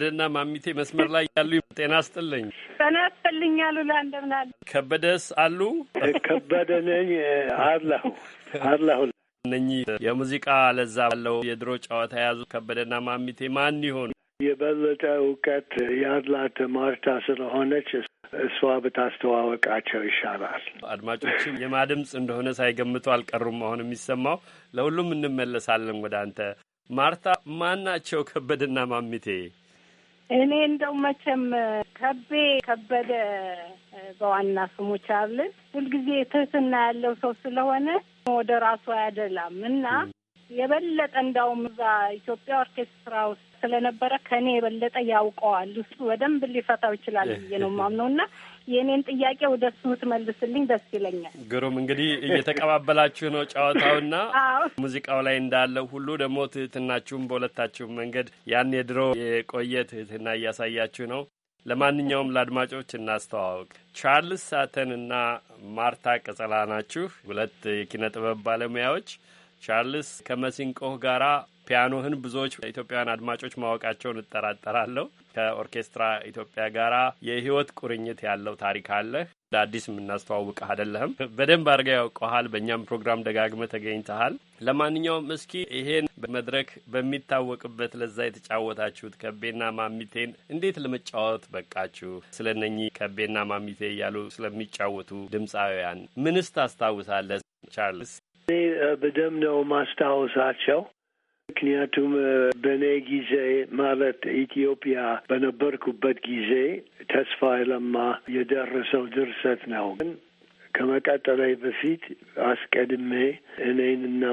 ከበደና ማሚቴ መስመር ላይ ያሉ ጤና ስጥልኝ። ጤና ስጥልኝ አሉላ እንደምን ከበደስ አሉ? ከበደ ነኝ አለሁ አለሁ። እነኚህ የሙዚቃ ለዛ ባለው የድሮ ጨዋታ የያዙ ከበደና ማሚቴ ማን ይሆኑ? የበለጠ እውቀት ያላት ማርታ ስለሆነች እሷ ብታስተዋወቃቸው ይሻላል። አድማጮችም የማድምፅ እንደሆነ ሳይገምቱ አልቀሩም። አሁን የሚሰማው ለሁሉም እንመለሳለን ወደ አንተ ማርታ። ማን ናቸው ማሚቴ? እኔ እንደው መቼም ከቤ ከበደ በዋና ስሙ ቻርልስ ሁልጊዜ ትህትና ያለው ሰው ስለሆነ ወደ ራሱ አያደላም እና የበለጠ እንዳውም እዛ ኢትዮጵያ ኦርኬስትራ ውስጥ ስለነበረ ከእኔ የበለጠ ያውቀዋል። እሱ በደንብ ሊፈታው ይችላል ብዬ ነው የማምነው እና የእኔን ጥያቄ ወደ እሱ ትመልስልኝ ደስ ይለኛል። ግሩም እንግዲህ እየተቀባበላችሁ ነው ጨዋታውና ሙዚቃው ላይ እንዳለው ሁሉ ደግሞ ትህትናችሁም በሁለታችሁም መንገድ ያን የድሮ የቆየ ትህትና እያሳያችሁ ነው። ለማንኛውም ለአድማጮች እናስተዋወቅ። ቻርልስ ሳተን እና ማርታ ቀጸላ ናችሁ፣ ሁለት የኪነ ጥበብ ባለሙያዎች። ቻርልስ ከመሲንቆህ ጋራ ፒያኖህን ብዙዎች ኢትዮጵያውያን አድማጮች ማወቃቸውን እጠራጠራለሁ። ከኦርኬስትራ ኢትዮጵያ ጋር የህይወት ቁርኝት ያለው ታሪክ አለህ። ለአዲስ የምናስተዋውቅህ አይደለህም። በደንብ አድርገህ ያውቀሃል። በእኛም ፕሮግራም ደጋግመህ ተገኝተሃል። ለማንኛውም እስኪ ይሄን መድረክ በሚታወቅበት ለዛ የተጫወታችሁት ከቤና ማሚቴን እንዴት ለመጫወት በቃችሁ? ስለ እነኚህ ከቤና ማሚቴ እያሉ ስለሚጫወቱ ድምፃውያን ምንስ ታስታውሳለህ ቻርልስ? እኔ በደም ነው ማስታወሳቸው። ምክንያቱም በእኔ ጊዜ ማለት ኢትዮጵያ በነበርኩበት ጊዜ ተስፋ ለማ የደረሰው ድርሰት ነው ግን ከመቀጠላይ በፊት አስቀድሜ እኔንና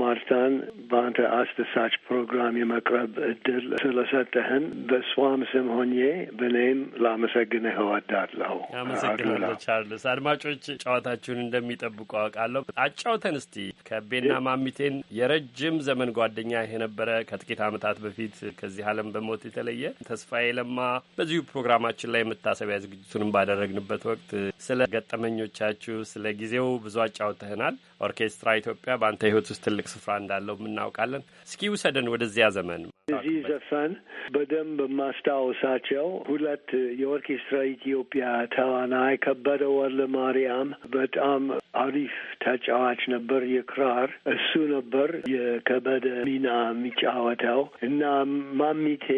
ማርታን በአንተ አስደሳች ፕሮግራም የመቅረብ እድል ስለሰጠህን በእሷም ስም ሆኜ በእኔም ላመሰግንህ እወዳለሁ። አመሰግናለሁ ቻርልስ። አድማጮች ጨዋታችሁን እንደሚጠብቁ አውቃለሁ። አጫውተን እስቲ ከቤና ማሚቴን የረጅም ዘመን ጓደኛ የነበረ ከጥቂት አመታት በፊት ከዚህ ዓለም በሞት የተለየ ተስፋዬ ለማ በዚሁ ፕሮግራማችን ላይ መታሰቢያ ዝግጅቱንም ባደረግንበት ወቅት ስለ ገጠመኞቻ ናችሁ። ስለ ጊዜው ብዙ አጫውተህናል። ኦርኬስትራ ኢትዮጵያ በአንተ ህይወት ውስጥ ትልቅ ስፍራ እንዳለው እናውቃለን። እስኪ ውሰደን ወደዚያ ዘመን። እዚህ ዘፈን በደንብ ማስታወሳቸው ሁለት የኦርኬስትራ ኢትዮጵያ ተዋናይ ከበደ ወለ ማርያም በጣም አሪፍ ተጫዋች ነበር፣ የክራር እሱ ነበር የከበደ ሚና የሚጫወተው እና ማሚቴ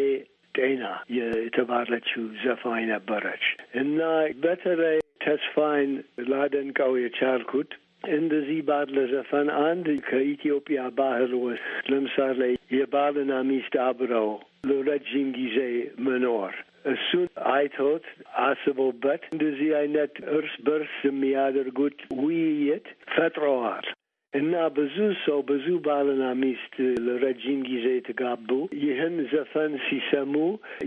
ጤና የተባለችው ዘፋኝ ነበረች እና በተለይ ተስፋዬን ላደንቀው የቻልኩት እንደዚህ ባለ ዘፈን አንድ ከኢትዮጵያ ባህል ውስጥ ለምሳሌ የባልና ሚስት አብረው ለረጅም ጊዜ መኖር እሱን አይቶት አስቦበት እንደዚህ አይነት እርስ በርስ የሚያደርጉት ውይይት ፈጥረዋል። እና ብዙ ሰው ብዙ ባልና ሚስት ለረጅም ጊዜ የተጋቡ ይህን ዘፈን ሲሰሙ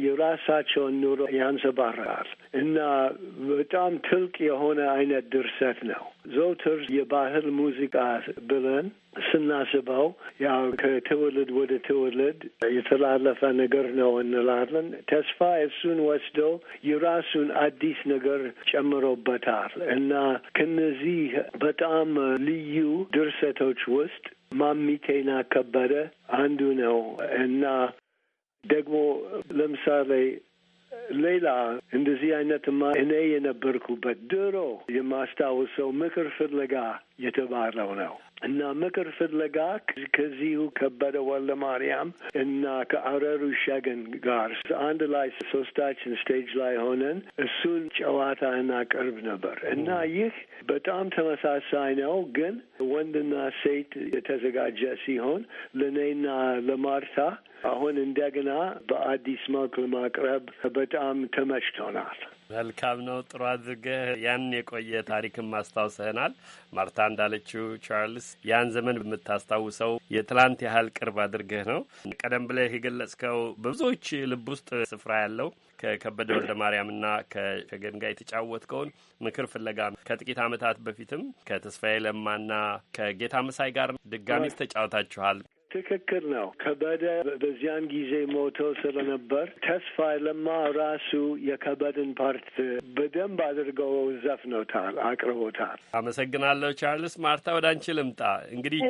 የራሳቸውን ኑሮ ያንሰባራል እና በጣም ትልቅ የሆነ አይነት ድርሰት ነው። ዘውትር የባህል ሙዚቃ ብለን ስናስበው ያው ከትውልድ ወደ ትውልድ የተላለፈ ነገር ነው እንላለን። ተስፋ እሱን ወስዶ የራሱን አዲስ ነገር ጨምሮበታል እና ከነዚህ በጣም ልዩ ድርሰቶች ውስጥ ማሚቴና ከበደ አንዱ ነው እና ደግሞ ለምሳሌ ሌላ እንደዚህ አይነትማ እኔ የነበርኩበት ድሮ የማስታውሰው ምክር ፍለጋ የተባለው ነው። እና ምክር ፍለጋ ከዚሁ ከበደ ወልደ ማርያም እና ከአረሩ ሸገን ጋር አንድ ላይ ሶስታችን ስቴጅ ላይ ሆነን እሱን ጨዋታ እናቀርብ ነበር እና ይህ በጣም ተመሳሳይ ነው፣ ግን ወንድና ሴት የተዘጋጀ ሲሆን ለእኔና ለማርታ አሁን እንደገና በአዲስ መልክ ለማቅረብ በጣም ተመችቶናል። መልካም ነው። ጥሩ አድርገህ ያን የቆየ ታሪክን ማስታውሰህናል። ማርታ እንዳለችው ቻርልስ ያን ዘመን የምታስታውሰው የትላንት ያህል ቅርብ አድርገህ ነው። ቀደም ብለህ የገለጽከው በብዙዎች ልብ ውስጥ ስፍራ ያለው ከከበደ ወልደ ማርያምና ከሸገን ጋር የተጫወትከውን ምክር ፍለጋ ከጥቂት ዓመታት በፊትም ከተስፋዬ ለማና ከጌታ መሳይ ጋር ድጋሚ ተጫውታችኋል። ትክክል ነው። ከበደ በዚያን ጊዜ ሞቶ ስለነበር ተስፋ ለማ ራሱ የከበድን ፓርት በደንብ አድርገው ዘፍኖታል፣ አቅርቦታል። አመሰግናለሁ ቻርልስ። ማርታ ወደ አንቺ ልምጣ። እንግዲህ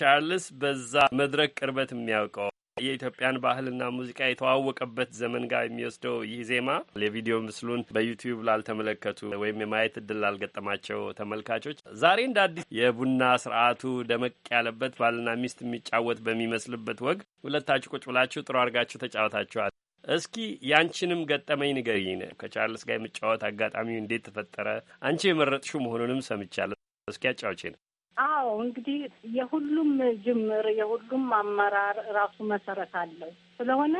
ቻርልስ በዛ መድረክ ቅርበት የሚያውቀው የኢትዮጵያን ባህልና ሙዚቃ የተዋወቀበት ዘመን ጋር የሚወስደው ይህ ዜማ የቪዲዮ ምስሉን በዩቲዩብ ላልተመለከቱ ወይም የማየት እድል ላልገጠማቸው ተመልካቾች ዛሬ እንደ አዲስ የቡና ስርዓቱ ደመቅ ያለበት ባልና ሚስት የሚጫወት በሚመስልበት ወግ ሁለታችሁ ቁጭ ብላችሁ ጥሩ አድርጋችሁ ተጫወታችኋል። እስኪ ያንቺንም ገጠመኝ ንገሪኝ። ከቻርልስ ጋር የመጫወት አጋጣሚው እንዴት ተፈጠረ? አንቺ የመረጥሹ መሆኑንም ሰምቻለሁ። እስኪ አጫውቼ ነው አዎ እንግዲህ የሁሉም ጅምር የሁሉም አመራር ራሱ መሰረት አለው። ስለሆነ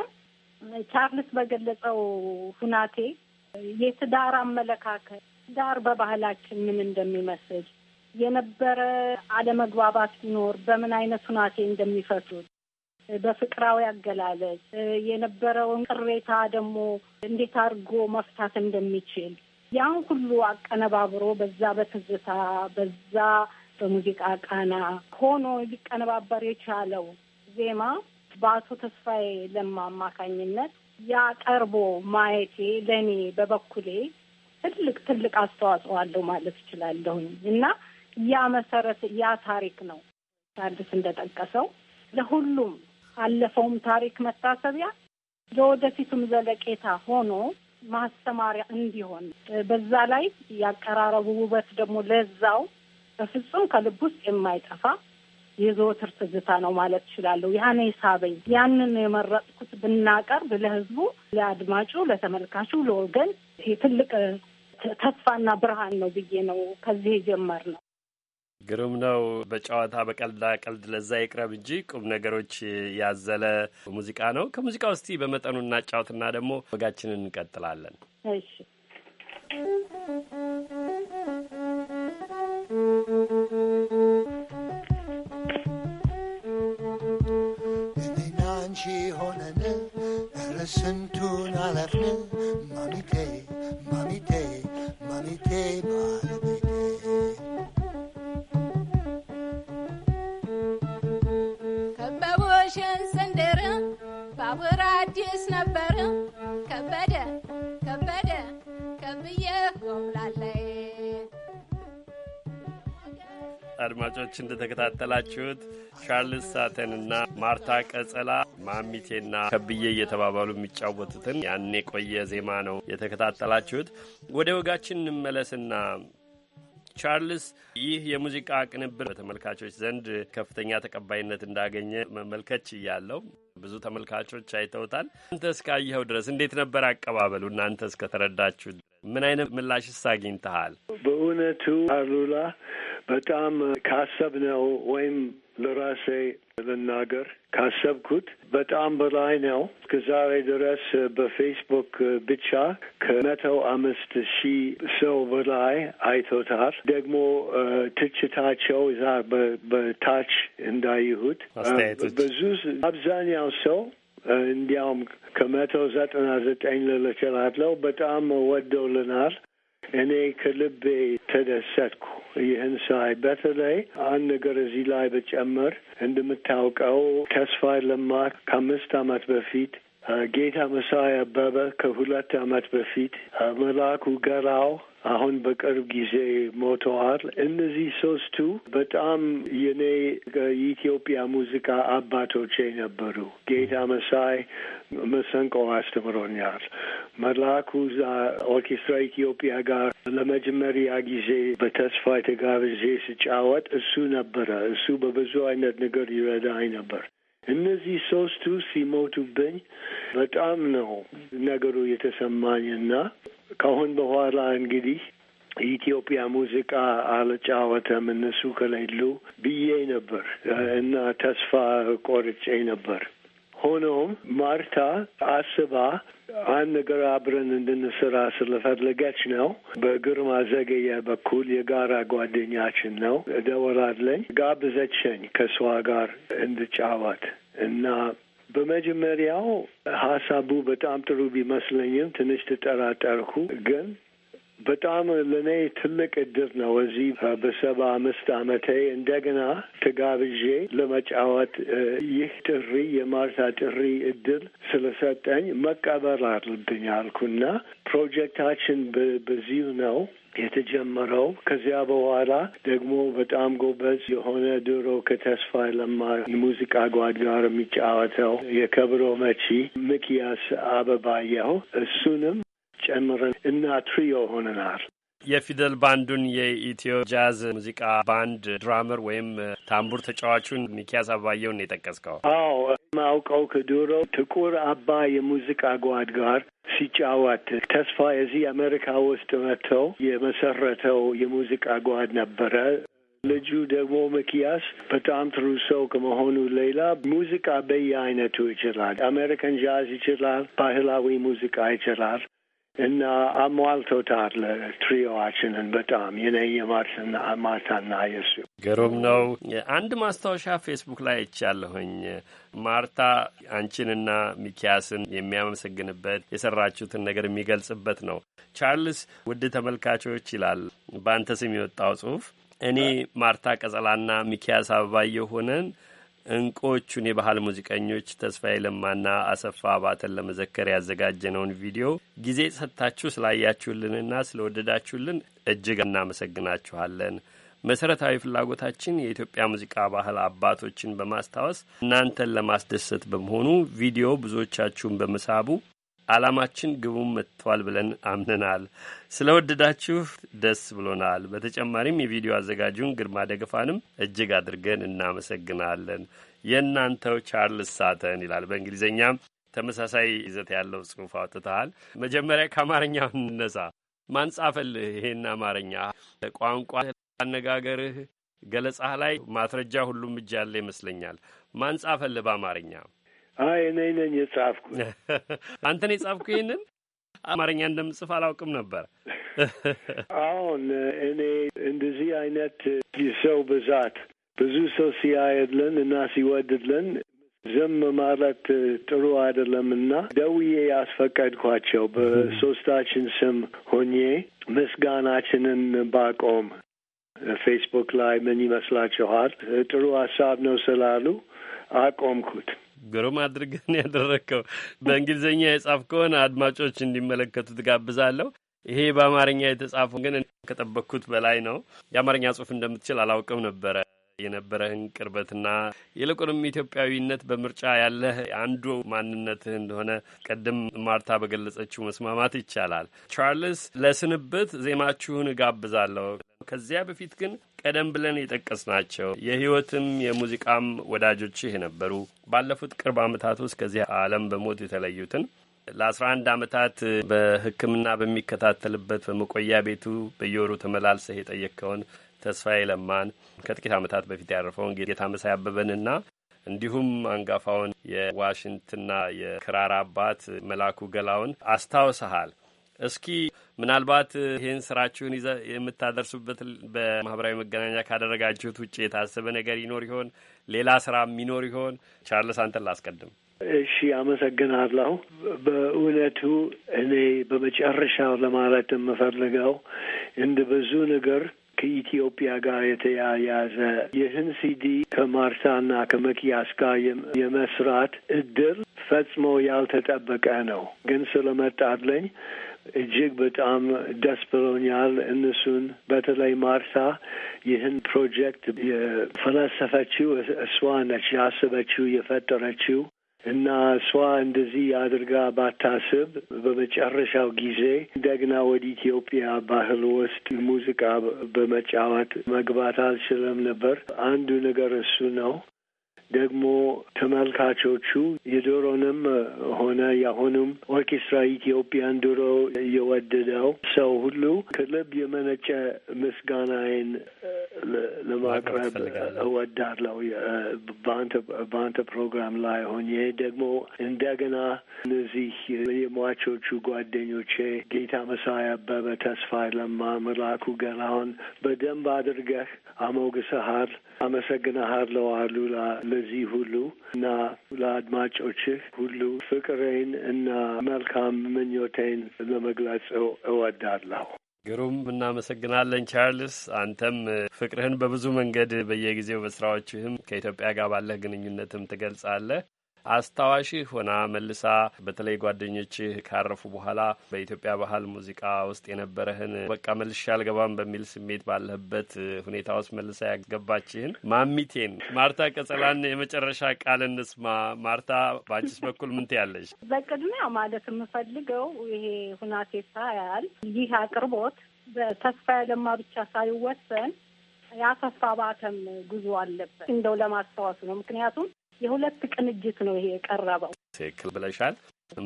ቻርልስ በገለጸው ሁናቴ የትዳር አመለካከት ትዳር በባህላችን ምን እንደሚመስል የነበረ አለመግባባት ቢኖር በምን አይነት ሁናቴ እንደሚፈቱት በፍቅራዊ አገላለጽ የነበረውን ቅሬታ ደግሞ እንዴት አድርጎ መፍታት እንደሚችል ያን ሁሉ አቀነባብሮ በዛ በትዝታ በዛ በሙዚቃ ቃና ሆኖ ሊቀነባበር የቻለው ዜማ በአቶ ተስፋዬ ለማ አማካኝነት ያቀርቦ ማየቴ ለእኔ በበኩሌ ትልቅ ትልቅ አስተዋጽኦ አለው ማለት እችላለሁኝ እና ያ መሰረት ያ ታሪክ ነው። አዲስ እንደጠቀሰው ለሁሉም አለፈውም ታሪክ መታሰቢያ ለወደፊቱም ዘለቄታ ሆኖ ማስተማሪያ እንዲሆን በዛ ላይ ያቀራረቡ ውበት ደግሞ ለዛው በፍጹም ከልብ ውስጥ የማይጠፋ የዘወትር ትዝታ ነው ማለት እችላለሁ። ያን ሳበኝ ያንን የመረጥኩት ብናቀርብ ለህዝቡ፣ ለአድማጩ፣ ለተመልካቹ፣ ለወገን ትልቅ ተስፋና ብርሃን ነው ብዬ ነው ከዚህ የጀመር ነው። ግሩም ነው። በጨዋታ በቀልዳ ቀልድ ለዛ ይቅረብ እንጂ ቁም ነገሮች ያዘለ ሙዚቃ ነው። ከሙዚቃ ውስጥ በመጠኑ እናጫወትና ደግሞ ወጋችንን እንቀጥላለን። እሺ እኔና አንቺ ሆነን አለፍን ማሚቴ ማሚቴ ማሚቴ ባለቤቴ ከበቦሽን ስንድር ባቡር አዲስ ነበር ከበደ አድማጮች እንደተከታተላችሁት ቻርልስ ሳተንና ማርታ ቀጸላ ማሚቴና ከብዬ እየተባባሉ የሚጫወቱትን ያን የቆየ ዜማ ነው የተከታተላችሁት። ወደ ወጋችን እንመለስና ቻርልስ፣ ይህ የሙዚቃ ቅንብር በተመልካቾች ዘንድ ከፍተኛ ተቀባይነት እንዳገኘ መመልከች እያለው ብዙ ተመልካቾች አይተውታል። አንተ እስካየኸው ድረስ እንዴት ነበር አቀባበሉ? እናንተ እስከተረዳችሁ ምን አይነት ምላሽስ አግኝተሃል? በእውነቱ አሉላ በጣም ካሰብ ነው ወይም ለራሴ ልናገር ካሰብኩት በጣም በላይ ነው። እስከዛሬ ድረስ በፌስቡክ ብቻ ከመቶ አምስት ሺህ ሰው በላይ አይቶታል። ደግሞ ትችታቸው እዛ በታች እንዳይሁት ብዙ አብዛኛው ሰው እንዲያውም ከመቶ ዘጠና ዘጠኝ ልል እችላለሁ በጣም ወደውልናል። እኔ ከልቤ ተደሰትኩ ይህን ሳይ። በተለይ አንድ ነገር እዚህ ላይ ብጨምር እንደምታውቀው ተስፋ ለማ ከአምስት ዓመት በፊት ጌታ መሳይ አበበ ከሁለት ዓመት በፊት መልአኩ ገራው አሁን በቅርብ ጊዜ ሞተዋል። እነዚህ ሶስቱ በጣም የኔ የኢትዮጵያ ሙዚቃ አባቶቼ ነበሩ። ጌታ መሳይ መሰንቆ አስተምሮኛል። መላኩ እዛ ኦርኬስትራ ኢትዮጵያ ጋር ለመጀመሪያ ጊዜ በተስፋ የተጋብዤ ስጫወት እሱ ነበረ። እሱ በብዙ አይነት ነገር ይረዳኝ ነበር። እነዚህ ሶስቱ ሲሞቱብኝ በጣም ነው ነገሩ የተሰማኝ እና ከአሁን በኋላ እንግዲህ የኢትዮጵያ ሙዚቃ አልጫወተም እነሱ ከሌሉ ብዬ ነበር እና ተስፋ ቆርጬ ነበር። ሆኖም ማርታ አስባ አንድ ነገር አብረን እንድንስራ ስለፈለገች ነው። በግርማ ዘገየ በኩል የጋራ ጓደኛችን ነው። ደወላለኝ፣ ጋብዘችኝ ከእሷ ጋር እንድጫወት እና በመጀመሪያው ሀሳቡ በጣም ጥሩ ቢመስለኝም ትንሽ ተጠራጠርኩ። ግን በጣም ለእኔ ትልቅ እድር ነው። እዚህ በሰባ አምስት አመቴ እንደገና ተጋብዤ ለመጫወት ይህ ጥሪ የማርታ ጥሪ እድል ስለሰጠኝ መቀበር አለብኝ አልኩና ፕሮጀክታችን በዚሁ ነው። የተጀመረው። ከዚያ በኋላ ደግሞ በጣም ጎበዝ የሆነ ድሮ ከተስፋ ለማ የሙዚቃ ጓድ ጋር የሚጫወተው የከብሮ መቺ ሚኪያስ አበባየሁ እሱንም ጨምረን እና ትሪዮ ሆነናል። የፊደል ባንዱን የኢትዮ ጃዝ ሙዚቃ ባንድ ድራመር ወይም ታምቡር ተጫዋቹን ሚኪያስ አባየውን የጠቀስከው? አዎ ማውቀው ከድሮ ጥቁር አባ የሙዚቃ ጓድ ጋር ሲጫወት ተስፋ የዚህ አሜሪካ ውስጥ መጥተው የመሰረተው የሙዚቃ ጓድ ነበረ። ልጁ ደግሞ መኪያስ በጣም ጥሩ ሰው ከመሆኑ ሌላ ሙዚቃ በየአይነቱ ይችላል። አሜሪካን ጃዝ ይችላል፣ ባህላዊ ሙዚቃ ይችላል። እና አሟልቶታል ትሪዮዋችንን በጣም የኔ የማርትና ማርታና የሱ ግሩም ነው። አንድ ማስታወሻ ፌስቡክ ላይ ይቻለሁኝ ማርታ አንቺንና ሚኪያስን የሚያመሰግንበት የሰራችሁትን ነገር የሚገልጽበት ነው። ቻርልስ ውድ ተመልካቾች ይላል በአንተ ስም የወጣው ጽሁፍ እኔ ማርታ ቀጸላና ሚኪያስ አበባየሁ ሆነን እንቆቹን የባህል ሙዚቀኞች ተስፋዬ ለማና አሰፋ አባተን ለመዘከር ያዘጋጀነውን ቪዲዮ ጊዜ ሰጥታችሁ ስላያችሁልንና ስለወደዳችሁልን እጅግ እናመሰግናችኋለን። መሰረታዊ ፍላጎታችን የኢትዮጵያ ሙዚቃ ባህል አባቶችን በማስታወስ እናንተን ለማስደሰት በመሆኑ ቪዲዮ ብዙዎቻችሁን በመሳቡ ዓላማችን ግቡም መጥቷል ብለን አምነናል። ወደዳችሁ ደስ ብሎናል። በተጨማሪም የቪዲዮ አዘጋጁን ግርማ ደገፋንም እጅግ አድርገን እናመሰግናለን። የእናንተው ቻርልስ ሳተን ይላል። በእንግሊዝኛም ተመሳሳይ ይዘት ያለው ጽሑፍ አውጥተሃል። መጀመሪያ ከአማርኛው እንነሳ። ጻፈልህ ይሄን አማርኛ ቋንቋ አነጋገርህ ገለጻህ ላይ ማስረጃ ሁሉም እጅ ያለ ይመስለኛል። ጻፈልህ በአማርኛ አይ እኔ ነኝ አንተ አንተን የጻፍኩ ይህንን አማርኛ እንደምጽፍ አላውቅም ነበር። አሁን እኔ እንደዚህ አይነት የሰው ብዛት ብዙ ሰው ሲያየድልን እና ሲወድድልን ዝም ማለት ጥሩ አይደለም እና ደውዬ ያስፈቀድኳቸው በሶስታችን ስም ሆኜ ምስጋናችንን ባቆም ፌስቡክ ላይ ምን ይመስላችኋል? ጥሩ ሀሳብ ነው ስላሉ አቆምኩት። ግሩም አድርገን ያደረግከው በእንግሊዝኛ የጻፍ ከሆነ አድማጮች እንዲመለከቱ ትጋብዛለሁ። ይሄ በአማርኛ የተጻፈው ግን ከጠበቅኩት በላይ ነው። የአማርኛ ጽሁፍ እንደምትችል አላውቅም ነበረ። የነበረህን ቅርበትና ይልቁንም ኢትዮጵያዊነት በምርጫ ያለህ አንዱ ማንነትህ እንደሆነ ቀደም ማርታ በገለጸችው መስማማት ይቻላል። ቻርልስ ለስንብት ዜማችሁን እጋብዛለሁ። ከዚያ በፊት ግን ቀደም ብለን የጠቀስናቸው የህይወትም የሙዚቃም ወዳጆችህ የነበሩ ባለፉት ቅርብ ዓመታት ውስጥ ከዚህ ዓለም በሞት የተለዩትን ለ11 ዓመታት በሕክምና በሚከታተልበት በመቆያ ቤቱ በየወሩ ተመላልሰህ የጠየቅከውን ተስፋዬ ለማን ከጥቂት ዓመታት በፊት ያረፈውን ጌታ መሳይ አበበንና እንዲሁም አንጋፋውን የዋሽንትና የክራር አባት መላኩ ገላውን አስታውሰሃል። እስኪ ምናልባት ይህን ስራችሁን ይዘ የምታደርሱበት በማህበራዊ መገናኛ ካደረጋችሁት ውጭ የታሰበ ነገር ይኖር ይሆን? ሌላ ስራ የሚኖር ይሆን? ቻርልስ አንተን ላስቀድም። እሺ፣ አመሰግናለሁ። በእውነቱ እኔ በመጨረሻ ለማለት የምፈልገው እንደ ብዙ ነገር ከኢትዮጵያ ጋር የተያያዘ ይህን ሲዲ ከማርሳና ከመኪያስ ጋር የመስራት እድል ፈጽሞ ያልተጠበቀ ነው፣ ግን ስለመጣለኝ እጅግ በጣም ደስ ብሎኛል። እነሱን በተለይ ማርሳ ይህን ፕሮጀክት የፈለሰፈችው እሷ ነች፣ ያስበችው፣ የፈጠረችው እና እሷ እንደዚህ አድርጋ ባታስብ በመጨረሻው ጊዜ እንደገና ወደ ኢትዮጵያ ባህል ውስጥ ሙዚቃ በመጫወት መግባት አልችልም ነበር። አንዱ ነገር እሱ ነው። ደግሞ ተመልካቾቹ የዶሮንም ሆነ የአሁኑም ኦርኬስትራ ኢትዮጵያን ድሮ የወደደው ሰው ሁሉ ከልብ የመነጨ ምስጋናዬን ለማቅረብ እወዳለሁ። በአንተ ፕሮግራም ላይ ሆኜ ደግሞ እንደገና እነዚህ የሟቾቹ ጓደኞቼ ጌታ መሳይ አበበ፣ ተስፋ ለማ፣ ምላኩ ገላሁን በደንብ አድርገህ አሞግሰሃል። አመሰግናሃለሁ አሉላ ለዚህ ሁሉ እና ለአድማጮችህ ሁሉ ፍቅሬን እና መልካም ምኞቴን ለመግለጽ እወዳለሁ። ግሩም እናመሰግናለን ቻርልስ። አንተም ፍቅርህን በብዙ መንገድ በየጊዜው በስራዎችህም ከኢትዮጵያ ጋር ባለህ ግንኙነትም ትገልጻለህ። አስታዋሽህ ሆና መልሳ በተለይ ጓደኞችህ ካረፉ በኋላ በኢትዮጵያ ባህል ሙዚቃ ውስጥ የነበረህን በቃ መልሻ አልገባም በሚል ስሜት ባለህበት ሁኔታ ውስጥ መልሳ ያገባችህን ማሚቴን ማርታ ቀጸላን የመጨረሻ ቃል እንስማ። ማርታ በአንቺስ በኩል ምን ትያለሽ? በቅድሚያ ማለት የምፈልገው ይሄ ሁናቴ ሳያል ይህ አቅርቦት በተስፋ ያለማ ብቻ ሳይወሰን ያሰፋ ባተም ጉዞ አለበት እንደው ለማስታወስ ነው። ምክንያቱም የሁለት ቅንጅት ነው ይሄ የቀረበው። ትክክል ብለሻል።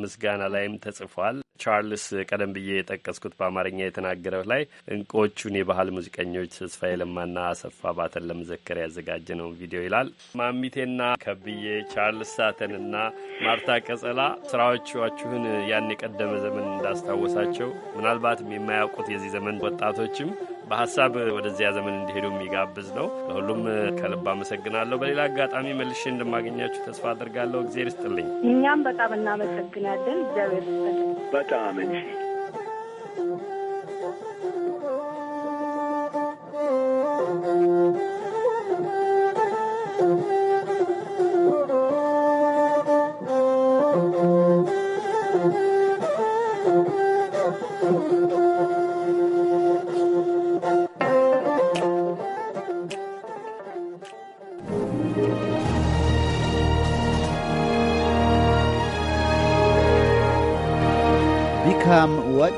ምስጋና ላይም ተጽፏል። ቻርልስ ቀደም ብዬ የጠቀስኩት በአማርኛ የተናገረው ላይ እንቆቹን የባህል ሙዚቀኞች ተስፋዬ ለማና አሰፋ ባተን ለመዘከር ያዘጋጀ ነው ቪዲዮ ይላል። ማሚቴና ከብዬ ቻርልስ ሳተንና ማርታ ቀጸላ ስራዎቻችሁን ያን የቀደመ ዘመን እንዳስታወሳቸው ምናልባት የማያውቁት የዚህ ዘመን ወጣቶችም በሀሳብ ወደዚያ ዘመን እንዲሄዱ የሚጋብዝ ነው። ለሁሉም ከልብ አመሰግናለሁ። በሌላ አጋጣሚ መልሼ እንደማገኛችሁ ተስፋ አድርጋለሁ። እግዜር ይስጥልኝ። እኛም በጣም እናመሰግናለን። እግዚአብሔር ይስጥልኝ። damage.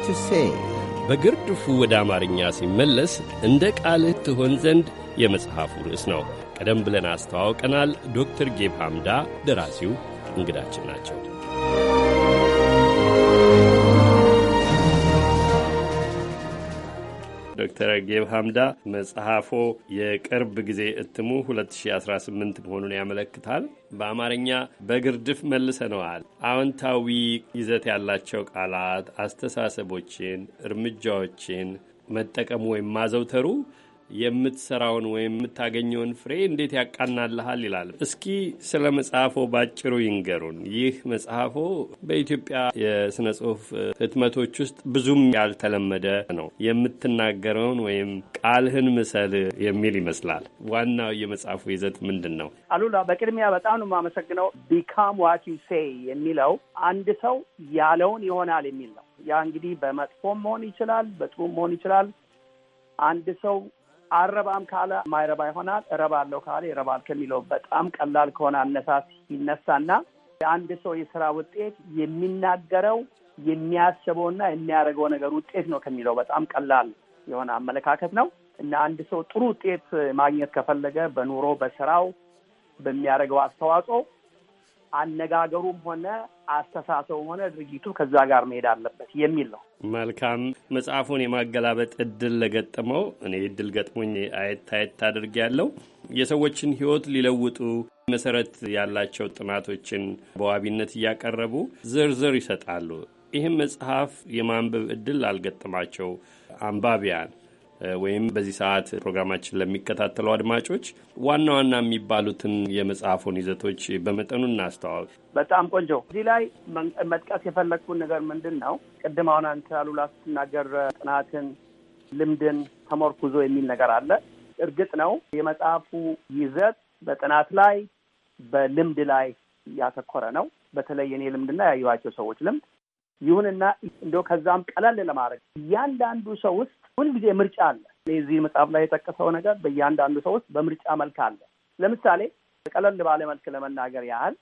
to say. በግርድፉ ወደ አማርኛ ሲመለስ እንደ ቃልህ ትሆን ዘንድ የመጽሐፉ ርዕስ ነው። ቀደም ብለን አስተዋውቀናል። ዶክተር ጌብ ሐምዳ ደራሲው እንግዳችን ናቸው። ዶክተር ጌብ ሀምዳ መጽሐፎ የቅርብ ጊዜ እትሙ 2018 መሆኑን ያመለክታል። በአማርኛ በግርድፍ መልሰነዋል። አዎንታዊ ይዘት ያላቸው ቃላት አስተሳሰቦችን፣ እርምጃዎችን መጠቀሙ ወይም ማዘውተሩ የምትሰራውን ወይም የምታገኘውን ፍሬ እንዴት ያቃናልሃል ይላል። እስኪ ስለ መጽሐፎ ባጭሩ ይንገሩን። ይህ መጽሐፎ በኢትዮጵያ የስነ ጽሁፍ ህትመቶች ውስጥ ብዙም ያልተለመደ ነው። የምትናገረውን ወይም ቃልህን ምሰል የሚል ይመስላል። ዋናው የመጽሐፉ ይዘት ምንድን ነው? አሉላ፣ በቅድሚያ በጣም ነው የማመሰግነው። ቢካም ዋት ዩ ሴይ የሚለው አንድ ሰው ያለውን ይሆናል የሚል ነው። ያ እንግዲህ በመጥፎም መሆን ይችላል፣ በጥሩም መሆን ይችላል። አንድ ሰው አረባም ካለ ማይረባ ይሆናል፣ እረባለሁ ካለ ይረባል ከሚለው በጣም ቀላል ከሆነ አነሳስ ይነሳና የአንድ ሰው የስራ ውጤት የሚናገረው የሚያስበውና የሚያደርገው ነገር ውጤት ነው ከሚለው በጣም ቀላል የሆነ አመለካከት ነው እና አንድ ሰው ጥሩ ውጤት ማግኘት ከፈለገ በኑሮ በስራው በሚያደርገው አስተዋጽኦ አነጋገሩም ሆነ አስተሳሰቡም ሆነ ድርጊቱ ከዛ ጋር መሄድ አለበት የሚል ነው። መልካም መጽሐፉን የማገላበጥ እድል ለገጠመው እኔ እድል ገጥሞኝ አየት አየት ያለው የሰዎችን ህይወት ሊለውጡ መሰረት ያላቸው ጥናቶችን በዋቢነት እያቀረቡ ዝርዝር ይሰጣሉ። ይህም መጽሐፍ የማንበብ እድል አልገጠማቸው አንባቢያን ወይም በዚህ ሰዓት ፕሮግራማችን ለሚከታተሉ አድማጮች ዋና ዋና የሚባሉትን የመጽሐፉን ይዘቶች በመጠኑ እናስተዋወቅ። በጣም ቆንጆ። እዚህ ላይ መጥቀስ የፈለግኩን ነገር ምንድን ነው፣ ቅድም አሁን አንተ አሉላ ስትናገር ጥናትን፣ ልምድን ተሞርኩዞ የሚል ነገር አለ። እርግጥ ነው የመጽሐፉ ይዘት በጥናት ላይ በልምድ ላይ ያተኮረ ነው። በተለይ የኔ ልምድና ያየኋቸው ሰዎች ልምድ ይሁንና እንደው ከዛም ቀለል ለማድረግ እያንዳንዱ ሰው ውስጥ ሁልጊዜ ምርጫ አለ። የዚህ መጽሐፍ ላይ የጠቀሰው ነገር በእያንዳንዱ ሰው ውስጥ በምርጫ መልክ አለ። ለምሳሌ ቀለል ባለ መልክ ለመናገር ያህል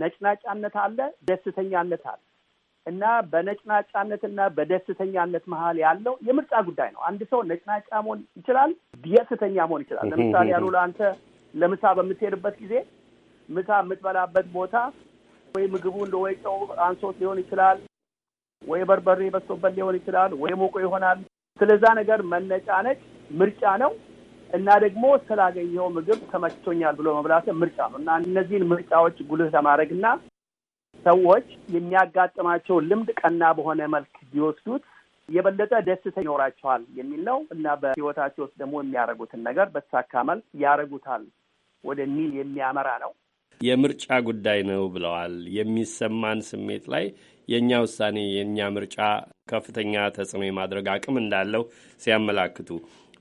ነጭናጫነት አለ፣ ደስተኛነት አለ እና በነጭናጫነትና በደስተኛነት መሀል ያለው የምርጫ ጉዳይ ነው። አንድ ሰው ነጭናጫ መሆን ይችላል፣ ደስተኛ መሆን ይችላል። ለምሳሌ አሉላ አንተ ለምሳ በምትሄድበት ጊዜ ምሳ የምትበላበት ቦታ ወይ ምግቡ እንደ ወይ ጨው አንሶት ሊሆን ይችላል፣ ወይ በርበሬ በዝቶበት ሊሆን ይችላል፣ ወይ ሞቆ ይሆናል። ስለዛ ነገር መነጫነጭ ምርጫ ነው እና ደግሞ ስላገኘው ምግብ ተመችቶኛል ብሎ መብላት ምርጫ ነው እና እነዚህን ምርጫዎች ጉልህ ለማድረግ እና ሰዎች የሚያጋጥማቸው ልምድ ቀና በሆነ መልክ ቢወስዱት የበለጠ ደስታ ይኖራቸዋል የሚል ነው እና በህይወታቸው ውስጥ ደግሞ የሚያደርጉትን ነገር በተሳካ መልክ ያደርጉታል ወደሚል የሚያመራ ነው። የምርጫ ጉዳይ ነው ብለዋል። የሚሰማን ስሜት ላይ የእኛ ውሳኔ የእኛ ምርጫ ከፍተኛ ተጽዕኖ የማድረግ አቅም እንዳለው ሲያመላክቱ፣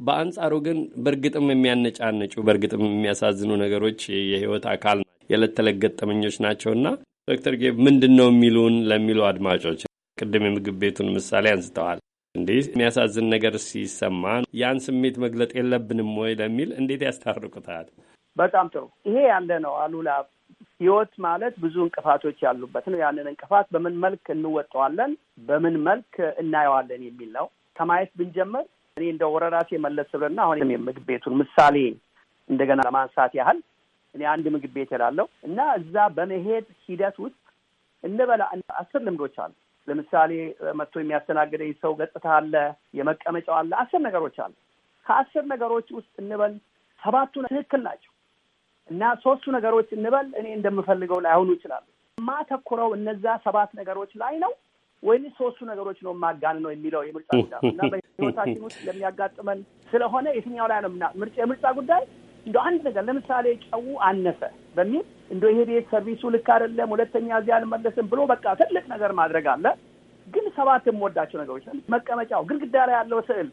በአንጻሩ ግን በእርግጥም የሚያነጫንጩ በእርግጥም የሚያሳዝኑ ነገሮች የህይወት አካል የዕለት ተዕለት ገጠመኞች ናቸውና ዶክተር ጌብ ምንድን ነው የሚሉን ለሚሉ አድማጮች ቅድም የምግብ ቤቱን ምሳሌ አንስተዋል። እንዲህ የሚያሳዝን ነገር ሲሰማ ያን ስሜት መግለጥ የለብንም ወይ ለሚል እንዴት ያስታርቁታል? በጣም ጥሩ። ይሄ ያለ ነው አሉላ። ህይወት ማለት ብዙ እንቅፋቶች ያሉበት ነው። ያንን እንቅፋት በምን መልክ እንወጣዋለን፣ በምን መልክ እናየዋለን የሚል ነው። ከማየት ብንጀምር እኔ እንደ ወረራሴ መለስ ብለና አሁን የምግብ ቤቱን ምሳሌ እንደገና ለማንሳት ያህል እኔ አንድ ምግብ ቤት እላለሁ እና እዛ በመሄድ ሂደት ውስጥ እንበላ አስር ልምዶች አሉ። ለምሳሌ መጥቶ የሚያስተናግደኝ ሰው ገጽታ አለ፣ የመቀመጫው አለ፣ አስር ነገሮች አሉ። ከአስር ነገሮች ውስጥ እንበል ሰባቱ ትክክል ናቸው። እና ሶስቱ ነገሮች እንበል እኔ እንደምፈልገው ላይሆኑ ይችላሉ። የማተኩረው እነዛ ሰባት ነገሮች ላይ ነው ወይም ሶስቱ ነገሮች ነው ማጋን ነው የሚለው የምርጫ ጉዳይ እና በህይወታችን ውስጥ ለሚያጋጥመን ስለሆነ የትኛው ላይ ነው ምርጫ የምርጫ ጉዳይ እንደ አንድ ነገር ለምሳሌ ጨው አነሰ በሚል እንደ ይሄ ቤት ሰርቪሱ ልክ አይደለም፣ ሁለተኛ እዚህ አልመለስም ብሎ በቃ ትልቅ ነገር ማድረግ አለ። ግን ሰባት የምወዳቸው ነገሮች መቀመጫው ግድግዳ ላይ ያለው ስዕል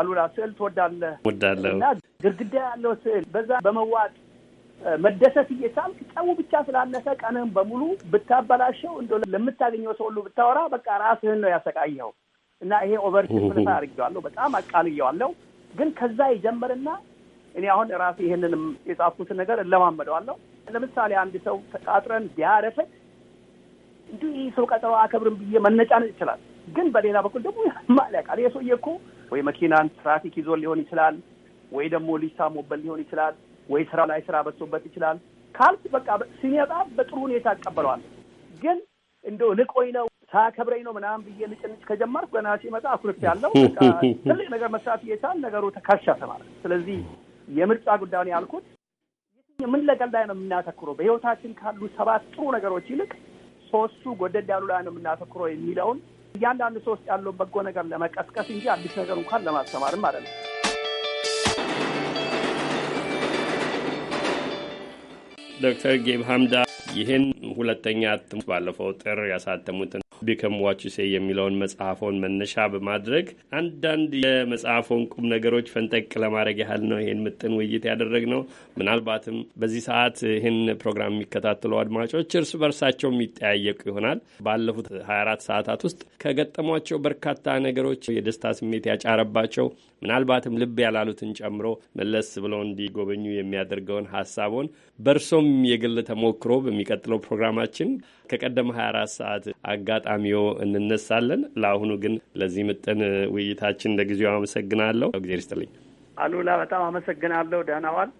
አሉላ ስዕል ትወዳለህ እና ግድግዳ ያለው ስዕል በዛ በመዋጥ መደሰት እየቻልክ ጨው ብቻ ስላነሰ ቀንህን በሙሉ ብታበላሸው እንደ ለምታገኘው ሰው ሁሉ ብታወራ በቃ ራስህን ነው ያሰቃየኸው። እና ይሄ ኦቨርሽን ምንታ አድርጌዋለሁ፣ በጣም አቃልየዋለሁ። ግን ከዛ ይጀምርና እኔ አሁን ራሴ ይሄንንም የጻፍኩትን ነገር እለማመደዋለሁ። ለምሳሌ አንድ ሰው ተቃጥረን ቢያረፈት እንዲህ ይህ ሰው ቀጠሮ አከብርን ብዬ መነጫነጭ ይችላል። ግን በሌላ በኩል ደግሞ ማለቃል። ይሄ ሰውዬ እኮ ወይ መኪናን ትራፊክ ይዞ ሊሆን ይችላል፣ ወይ ደግሞ ሊሳሞበት ሊሆን ይችላል ወይ ስራ ላይ ስራ በሶበት ይችላል ካልስ በቃ ሲመጣ በጥሩ ሁኔታ አቀበለዋለሁ። ግን እንደው ንቆኝ ነው ሳያከብረኝ ነው ምናምን ብዬ ልጭንጭ ከጀመርኩ ገና ሲመጣ አኩርፍ ያለው ትልቅ ነገር መስራት እየቻል ነገሩ ተካሻተ ማለት። ስለዚህ የምርጫ ጉዳዩን ያልኩት ምን ለገል ላይ ነው የምናተኩረው በህይወታችን ካሉ ሰባት ጥሩ ነገሮች ይልቅ ሶስቱ ጎደድ ያሉ ላይ ነው የምናተኩረው የሚለውን እያንዳንዱ ሰው ውስጥ በጎ ነገር ለመቀስቀስ እንጂ አዲስ ነገር እንኳን ለማስተማርም ማለት ነው። ዶክተር ጌብ ሀምዳ ይህን ሁለተኛ እትም ባለፈው ጥር ያሳተሙትን ቢከም ዋች ሴ የሚለውን መጽሐፎን መነሻ በማድረግ አንዳንድ የመጽሐፎን ቁም ነገሮች ፈንጠቅ ለማድረግ ያህል ነው ይህን ምጥን ውይይት ያደረግ ነው። ምናልባትም በዚህ ሰዓት ይህን ፕሮግራም የሚከታተሉ አድማጮች እርስ በርሳቸው የሚጠያየቁ ይሆናል። ባለፉት 24 ሰዓታት ውስጥ ከገጠሟቸው በርካታ ነገሮች የደስታ ስሜት ያጫረባቸው ምናልባትም ልብ ያላሉትን ጨምሮ መለስ ብለው እንዲጎበኙ የሚያደርገውን ሀሳቦን በእርሶም የግል ተሞክሮ በሚቀጥለው ፕሮግራማችን ከቀደመ 24 ሰዓት አጋጣሚ አጋጣሚው እንነሳለን። ለአሁኑ ግን ለዚህ ምጥን ውይይታችን ለጊዜው አመሰግናለሁ። እግዜር ይስጥልኝ። አሉላ በጣም አመሰግናለሁ። ደህና ዋል።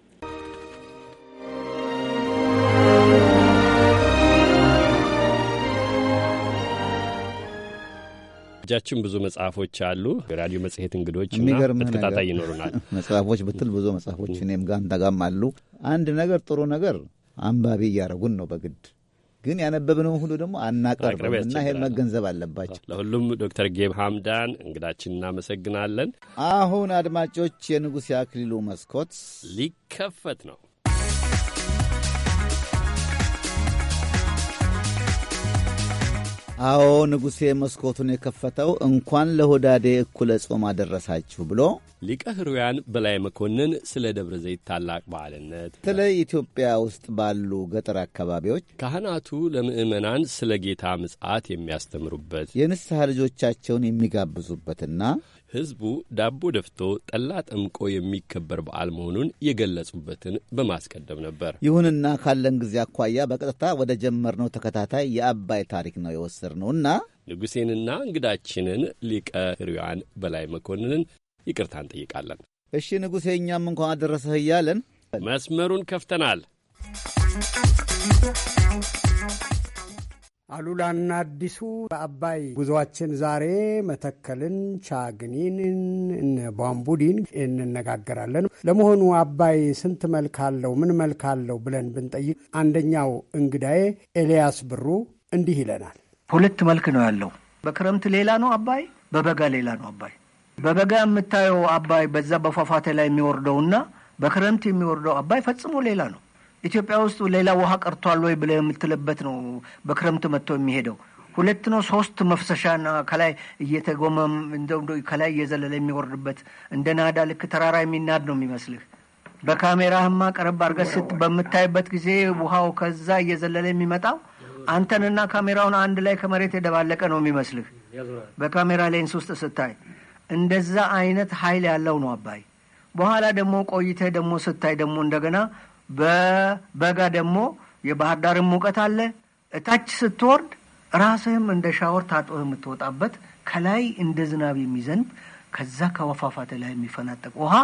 እጃችን ብዙ መጽሐፎች አሉ። የራዲዮ መጽሔት እንግዶች ተከታታይ ይኖሩናል። መጽሐፎች ብትል ብዙ መጽሐፎች እኔም ጋር አንተ አሉ። አንድ ነገር ጥሩ ነገር አንባቢ እያደረጉን ነው በግድ ግን ያነበብነው ሁሉ ደግሞ አናቀርብም እና ይሄን መገንዘብ አለባቸው። ለሁሉም ዶክተር ጌብ ሀምዳን እንግዳችን እናመሰግናለን። አሁን አድማጮች የንጉሥ የአክሊሉ መስኮት ሊከፈት ነው። አዎ ንጉሴ መስኮቱን የከፈተው እንኳን ለሆዳዴ እኩለ ጾም አደረሳችሁ ብሎ ሊቀ ሕሩያን በላይ መኮንን ስለ ደብረ ዘይት ታላቅ በዓልነት በተለይ ኢትዮጵያ ውስጥ ባሉ ገጠር አካባቢዎች ካህናቱ ለምእመናን ስለ ጌታ ምጽአት የሚያስተምሩበት የንስሐ ልጆቻቸውን የሚጋብዙበትና ሕዝቡ ዳቦ ደፍቶ ጠላ ጠምቆ የሚከበር በዓል መሆኑን የገለጹበትን በማስቀደም ነበር። ይሁንና ካለን ጊዜ አኳያ በቀጥታ ወደ ጀመርነው ተከታታይ የአባይ ታሪክ ነው እና ንጉሴንና እንግዳችንን ሊቀ ሕሩያን በላይ መኮንንን ይቅርታ እንጠይቃለን። እሺ ንጉሴ፣ እኛም እንኳን አደረሰህ እያለን መስመሩን ከፍተናል። አሉላና አዲሱ በአባይ ጉዞአችን ዛሬ መተከልን፣ ቻግኒን፣ እነ ቧምቡዲን እንነጋገራለን። ለመሆኑ አባይ ስንት መልክ አለው? ምን መልክ አለው ብለን ብንጠይቅ አንደኛው እንግዳዬ ኤልያስ ብሩ እንዲህ ይለናል። ሁለት መልክ ነው ያለው። በክረምት ሌላ ነው አባይ፣ በበጋ ሌላ ነው አባይ። በበጋ የምታየው አባይ በዛ በፏፏቴ ላይ የሚወርደውና በክረምት የሚወርደው አባይ ፈጽሞ ሌላ ነው። ኢትዮጵያ ውስጥ ሌላ ውሃ ቀርቷል ወይ ብለ የምትልበት ነው። በክረምት መጥቶ የሚሄደው ሁለት ነው ሶስት መፍሰሻና ከላይ እየተጎመም ከላይ እየዘለለ የሚወርድበት እንደ ናዳ ልክ ተራራ የሚናድ ነው የሚመስልህ። በካሜራህማ ቀረብ አድርገህ ስት በምታይበት ጊዜ ውሃው ከዛ እየዘለለ የሚመጣው አንተንና ካሜራውን አንድ ላይ ከመሬት የደባለቀ ነው የሚመስልህ በካሜራ ሌንስ ውስጥ ስታይ። እንደዛ አይነት ኃይል ያለው ነው አባይ። በኋላ ደግሞ ቆይተህ ደግሞ ስታይ ደግሞ እንደገና በበጋ ደግሞ የባህር ዳርም ሙቀት አለ። እታች ስትወርድ ራስህም እንደ ሻወር ታጥበህ የምትወጣበት ከላይ እንደ ዝናብ የሚዘንብ ከዛ ከወፋፋት ላይ የሚፈናጠቅ ውሃ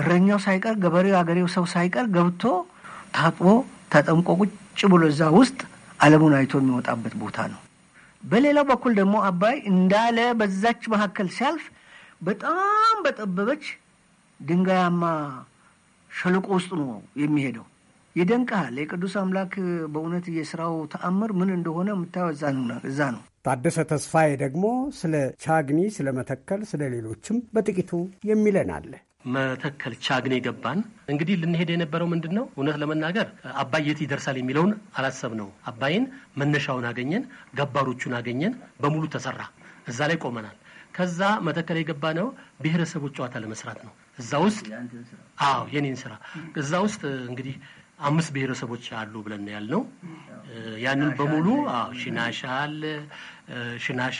እረኛው ሳይቀር ገበሬው፣ አገሬው ሰው ሳይቀር ገብቶ ታጥቦ ተጠምቆ ቁጭ ብሎ እዛ ውስጥ ዓለሙን አይቶ የሚወጣበት ቦታ ነው። በሌላው በኩል ደግሞ አባይ እንዳለ በዛች መካከል ሲያልፍ በጣም በጠበበች ድንጋያማ ሸለቆ ውስጥ ነው የሚሄደው። ይደንቀሃል። የቅዱስ አምላክ በእውነት የስራው ተአምር ምን እንደሆነ የምታየው እዛ ነው። ታደሰ ተስፋዬ ደግሞ ስለ ቻግኒ፣ ስለ መተከል፣ ስለ ሌሎችም በጥቂቱ የሚለን አለ። መተከል ቻግኔ ገባን። እንግዲህ ልንሄድ የነበረው ምንድን ነው? እውነት ለመናገር አባይ የት ይደርሳል የሚለውን አላሰብ ነው። አባይን መነሻውን አገኘን፣ ገባሮቹን አገኘን፣ በሙሉ ተሰራ። እዛ ላይ ቆመናል። ከዛ መተከል የገባ ነው ብሔረሰቦች ጨዋታ ለመስራት ነው። እዛ ውስጥ አዎ የኔን ስራ እዛ ውስጥ እንግዲህ አምስት ብሔረሰቦች አሉ ብለን ነው ያንን በሙሉ ሽናሻ አለ። ሽናሻ፣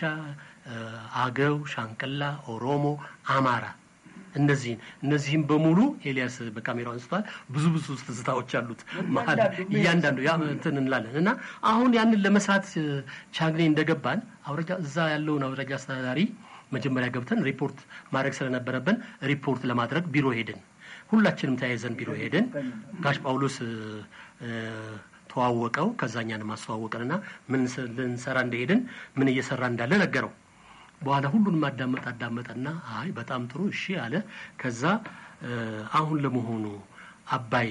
አገው፣ ሻንቅላ፣ ኦሮሞ፣ አማራ እነዚህን እነዚህም በሙሉ ኤልያስ በካሜራው አንስተዋል። ብዙ ብዙ ትዝታዎች አሉት። መሀል እያንዳንዱ ያ እንትን እንላለን እና አሁን ያንን ለመስራት ቻግኔ እንደገባን አውረጃ እዛ ያለውን አውረጃ አስተዳዳሪ መጀመሪያ ገብተን ሪፖርት ማድረግ ስለነበረብን ሪፖርት ለማድረግ ቢሮ ሄድን። ሁላችንም ተያይዘን ቢሮ ሄደን ጋሽ ጳውሎስ ተዋወቀው ከዛኛንም አስተዋወቀንና ምን ልንሰራ እንደሄድን ምን እየሰራ እንዳለ ነገረው። በኋላ ሁሉንም አዳመጥ አዳመጠና አይ በጣም ጥሩ እሺ አለ። ከዛ አሁን ለመሆኑ አባይ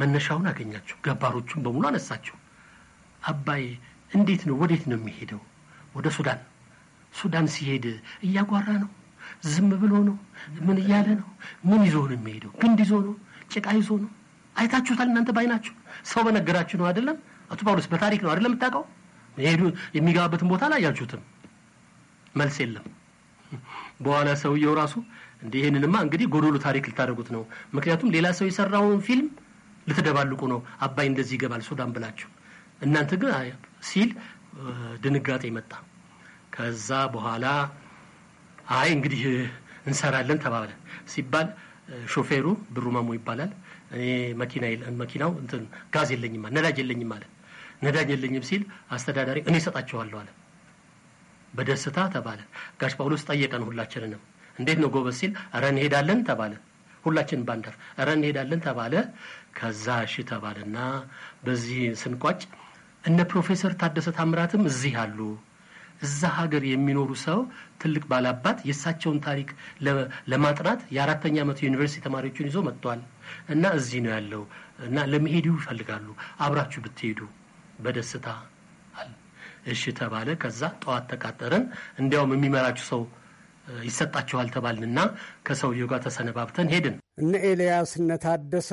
መነሻውን አገኛችሁ? ገባሮቹን በሙሉ አነሳችሁ። አባይ እንዴት ነው? ወዴት ነው የሚሄደው? ወደ ሱዳን። ሱዳን ሲሄድ እያጓራ ነው ዝም ብሎ ነው? ምን እያለ ነው? ምን ይዞ ነው የሚሄደው? ግንድ ይዞ ነው? ጭቃ ይዞ ነው? አይታችሁታል እናንተ ባይናችሁ። ሰው በነገራችሁ ነው አይደለም? አቶ ጳውሎስ በታሪክ ነው አይደለም የምታውቀው? ሄዱ የሚገባበትን ቦታ አላያችሁትም። መልስ የለም። በኋላ ሰውየው ራሱ እንዲህ ይህንንማ እንግዲህ ጎዶሎ ታሪክ ልታደርጉት ነው፣ ምክንያቱም ሌላ ሰው የሰራውን ፊልም ልትደባልቁ ነው። አባይ እንደዚህ ይገባል ሱዳን ብላችሁ እናንተ ግን ሲል ድንጋጤ መጣ። ከዛ በኋላ አይ እንግዲህ እንሰራለን ተባባለ ሲባል ሾፌሩ ብሩ ማሞ ይባላል። እኔ መኪና መኪናው እንትን ጋዝ የለኝም ነዳጅ የለኝም አለ። ነዳጅ የለኝም ሲል አስተዳዳሪ እኔ እሰጣቸዋለሁ አለ። በደስታ ተባለ። ጋሽ ጳውሎስ ጠየቀን ሁላችንንም። እንዴት ነው ጎበዝ ሲል ረ እንሄዳለን ተባለ። ሁላችንም ባንደር ረ እንሄዳለን ተባለ። ከዛ እሺ ተባለና በዚህ ስንቋጭ እነ ፕሮፌሰር ታደሰ ታምራትም እዚህ አሉ እዛ ሀገር የሚኖሩ ሰው ትልቅ ባላባት የእሳቸውን ታሪክ ለማጥናት የአራተኛ ዓመት ዩኒቨርሲቲ ተማሪዎችን ይዞ መጥቷል እና እዚህ ነው ያለው እና ለመሄዱ ይፈልጋሉ አብራችሁ ብትሄዱ በደስታ እሺ ተባለ። ከዛ ጠዋት ተቃጠረን። እንዲያውም የሚመራችሁ ሰው ይሰጣችኋል ተባልንና ከሰውየው ጋር ተሰነባብተን ሄድን። እነ ኤልያስ እነ ታደሰ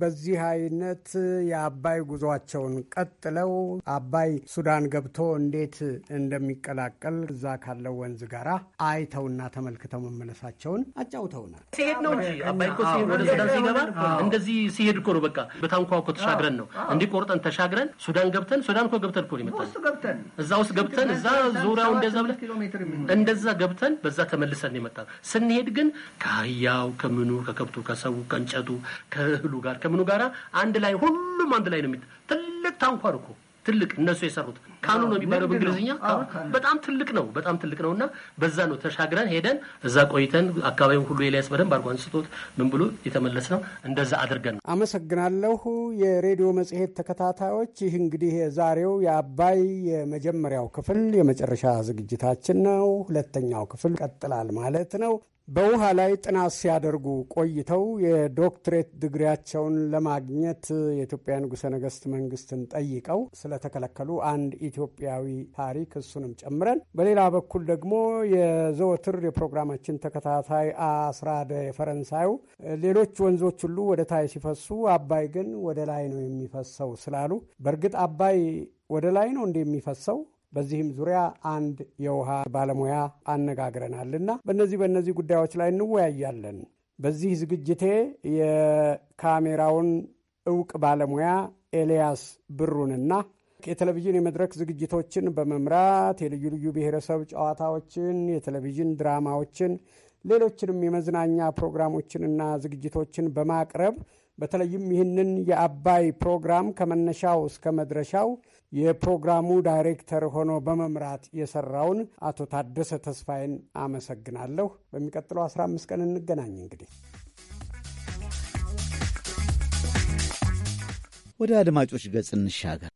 በዚህ አይነት የአባይ ጉዟቸውን ቀጥለው አባይ ሱዳን ገብቶ እንዴት እንደሚቀላቀል እዛ ካለው ወንዝ ጋራ አይተውና ተመልክተው መመለሳቸውን አጫውተውናል። ሲሄድ ነው እንጂ አባይ እኮ ወደ ሱዳን ሲገባ እንደዚህ ሲሄድ እኮ ነው። በቃ በታንኳ እኮ ተሻግረን ነው እንዲህ ቆርጠን ተሻግረን ሱዳን ገብተን ሱዳን እኮ ገብተን እኮ ይመጣ እዛ ውስጥ ገብተን እዛ ዙሪያው እንደዛ ብለህ እንደዛ ገብተን በዛ ተመልሰን ይመጣል። ስንሄድ ግን ከአህያው ከምኑ ከከብቱ ከሰው ከእንጨቱ፣ ከእህሉ ጋር ከምኑ ጋራ አንድ ላይ ሁሉም አንድ ላይ ነው። ትልቅ ታንኳር እኮ ትልቅ እነሱ የሰሩት ካኑ ነው የሚባለው በእንግሊዝኛ። በጣም ትልቅ ነው፣ በጣም ትልቅ ነው። እና በዛ ነው ተሻግረን ሄደን እዛ ቆይተን አካባቢውን ሁሉ ኤልያስ በደንብ አድርጎ አንስቶት ምን ብሎ የተመለስ ነው። እንደዛ አድርገን ነው። አመሰግናለሁ። የሬዲዮ መጽሔት ተከታታዮች፣ ይህ እንግዲህ የዛሬው የአባይ የመጀመሪያው ክፍል የመጨረሻ ዝግጅታችን ነው። ሁለተኛው ክፍል ቀጥላል ማለት ነው። በውሃ ላይ ጥናት ሲያደርጉ ቆይተው የዶክትሬት ድግሪያቸውን ለማግኘት የኢትዮጵያ ንጉሠ ነገሥት መንግስትን ጠይቀው ስለተከለከሉ አንድ ኢትዮጵያዊ ታሪክ እሱንም ጨምረን፣ በሌላ በኩል ደግሞ የዘወትር የፕሮግራማችን ተከታታይ አስራደ የፈረንሳዩ ሌሎች ወንዞች ሁሉ ወደ ታይ ሲፈሱ አባይ ግን ወደ ላይ ነው የሚፈሰው ስላሉ በእርግጥ አባይ ወደ ላይ ነው እንደ የሚፈሰው በዚህም ዙሪያ አንድ የውሃ ባለሙያ አነጋግረናልና በነዚህ በእነዚህ ጉዳዮች ላይ እንወያያለን። በዚህ ዝግጅቴ የካሜራውን እውቅ ባለሙያ ኤልያስ ብሩንና የቴሌቪዥን የመድረክ ዝግጅቶችን በመምራት የልዩ ልዩ ብሔረሰብ ጨዋታዎችን፣ የቴሌቪዥን ድራማዎችን፣ ሌሎችንም የመዝናኛ ፕሮግራሞችንና ዝግጅቶችን በማቅረብ በተለይም ይህንን የአባይ ፕሮግራም ከመነሻው እስከ መድረሻው የፕሮግራሙ ዳይሬክተር ሆኖ በመምራት የሰራውን አቶ ታደሰ ተስፋዬን አመሰግናለሁ። በሚቀጥለው 15 ቀን እንገናኝ። እንግዲህ ወደ አድማጮች ገጽ እንሻገር።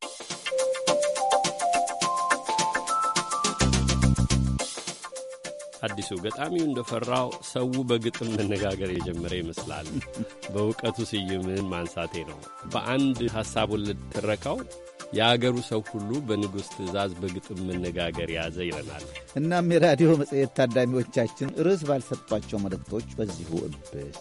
አዲሱ ገጣሚው እንደፈራው ሰው በግጥም መነጋገር የጀመረ ይመስላል። በእውቀቱ ስዩምን ማንሳቴ ነው። በአንድ ሐሳቡን ልትረካው የአገሩ ሰው ሁሉ በንጉሥ ትእዛዝ በግጥም መነጋገር ያዘ ይለናል። እናም የራዲዮ መጽሔት ታዳሚዎቻችን ርዕስ ባልሰጧቸው መልእክቶች በዚሁ እብስ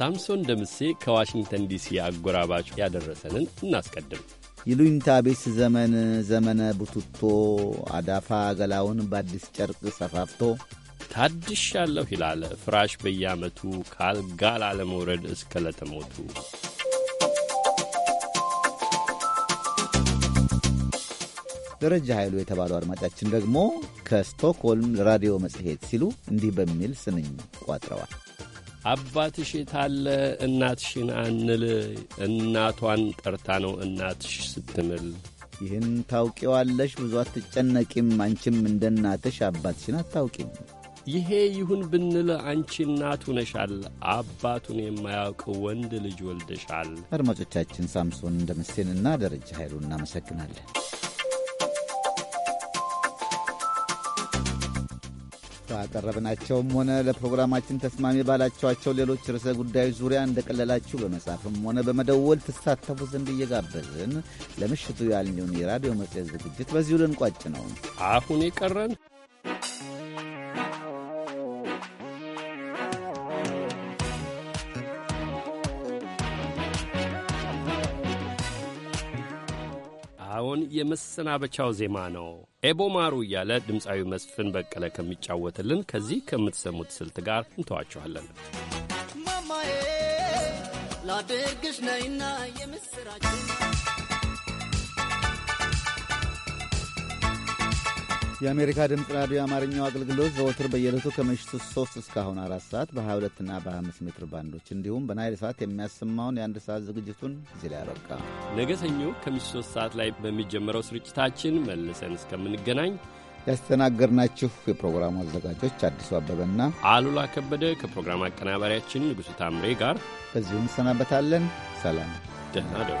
ሳምሶን ደምሴ ከዋሽንግተን ዲሲ አጎራባች ያደረሰንን እናስቀድም። ይሉኝታ ቢስ ዘመን ዘመነ ቡትቶ አዳፋ ገላውን በአዲስ ጨርቅ ሰፋፍቶ ታድሻለሁ ይላል ፍራሽ በየዓመቱ ካልጋ ላለመውረድ እስከ ለተሞቱ ደረጃ ኃይሉ የተባለው አድማጫችን ደግሞ ከስቶክሆልም ለራዲዮ መጽሔት ሲሉ እንዲህ በሚል ስንኝ ቋጥረዋል። አባትሽ የታለ እናትሽን አንል እናቷን ጠርታ ነው እናትሽ ስትምል ይህን ታውቂዋለሽ። ብዙ አትጨነቂም። አንቺም እንደ እናትሽ አባትሽን አታውቂም። ይሄ ይሁን ብንል አንቺ እናቱ ነሻል። አባቱን የማያውቅ ወንድ ልጅ ወልደሻል። አድማጮቻችን ሳምሶን ምሴንና ደረጃ ኃይሉ እናመሰግናለን። ካቀረብናቸውም ሆነ ለፕሮግራማችን ተስማሚ ባላችኋቸው ሌሎች ርዕሰ ጉዳዮች ዙሪያ እንደቀለላችሁ በመጻፍም ሆነ በመደወል ትሳተፉ ዘንድ እየጋበዝን ለምሽቱ ያልነውን የራዲዮ መጽሔት ዝግጅት በዚሁ ልንቋጭ ነው። አሁን የቀረን የመሰናበቻው ዜማ ነው። ኤቦማሩ እያለ ድምፃዊ መስፍን በቀለ ከሚጫወትልን ከዚህ ከምትሰሙት ስልት ጋር እንተዋችኋለን። ማማዬ ላድርግሽ ነይና የምስራች የአሜሪካ ድምፅ ራዲዮ የአማርኛው አገልግሎት ዘወትር በየለቱ ከምሽቱ 3 እስካሁን አራት ሰዓት በ22 እና በ25 ሜትር ባንዶች እንዲሁም በናይል ሰዓት የሚያሰማውን የአንድ ሰዓት ዝግጅቱን እዚህ ላይ ያበቃ። ነገ ሰኞ ከምሽቱ 3 ሰዓት ላይ በሚጀምረው ስርጭታችን መልሰን እስከምንገናኝ ያስተናገርናችሁ የፕሮግራሙ አዘጋጆች አዲሱ አበበና አሉላ ከበደ ከፕሮግራም አቀናባሪያችን ንጉሡ ታምሬ ጋር በዚሁ እንሰናበታለን። ሰላም፣ ደህና ደሩ።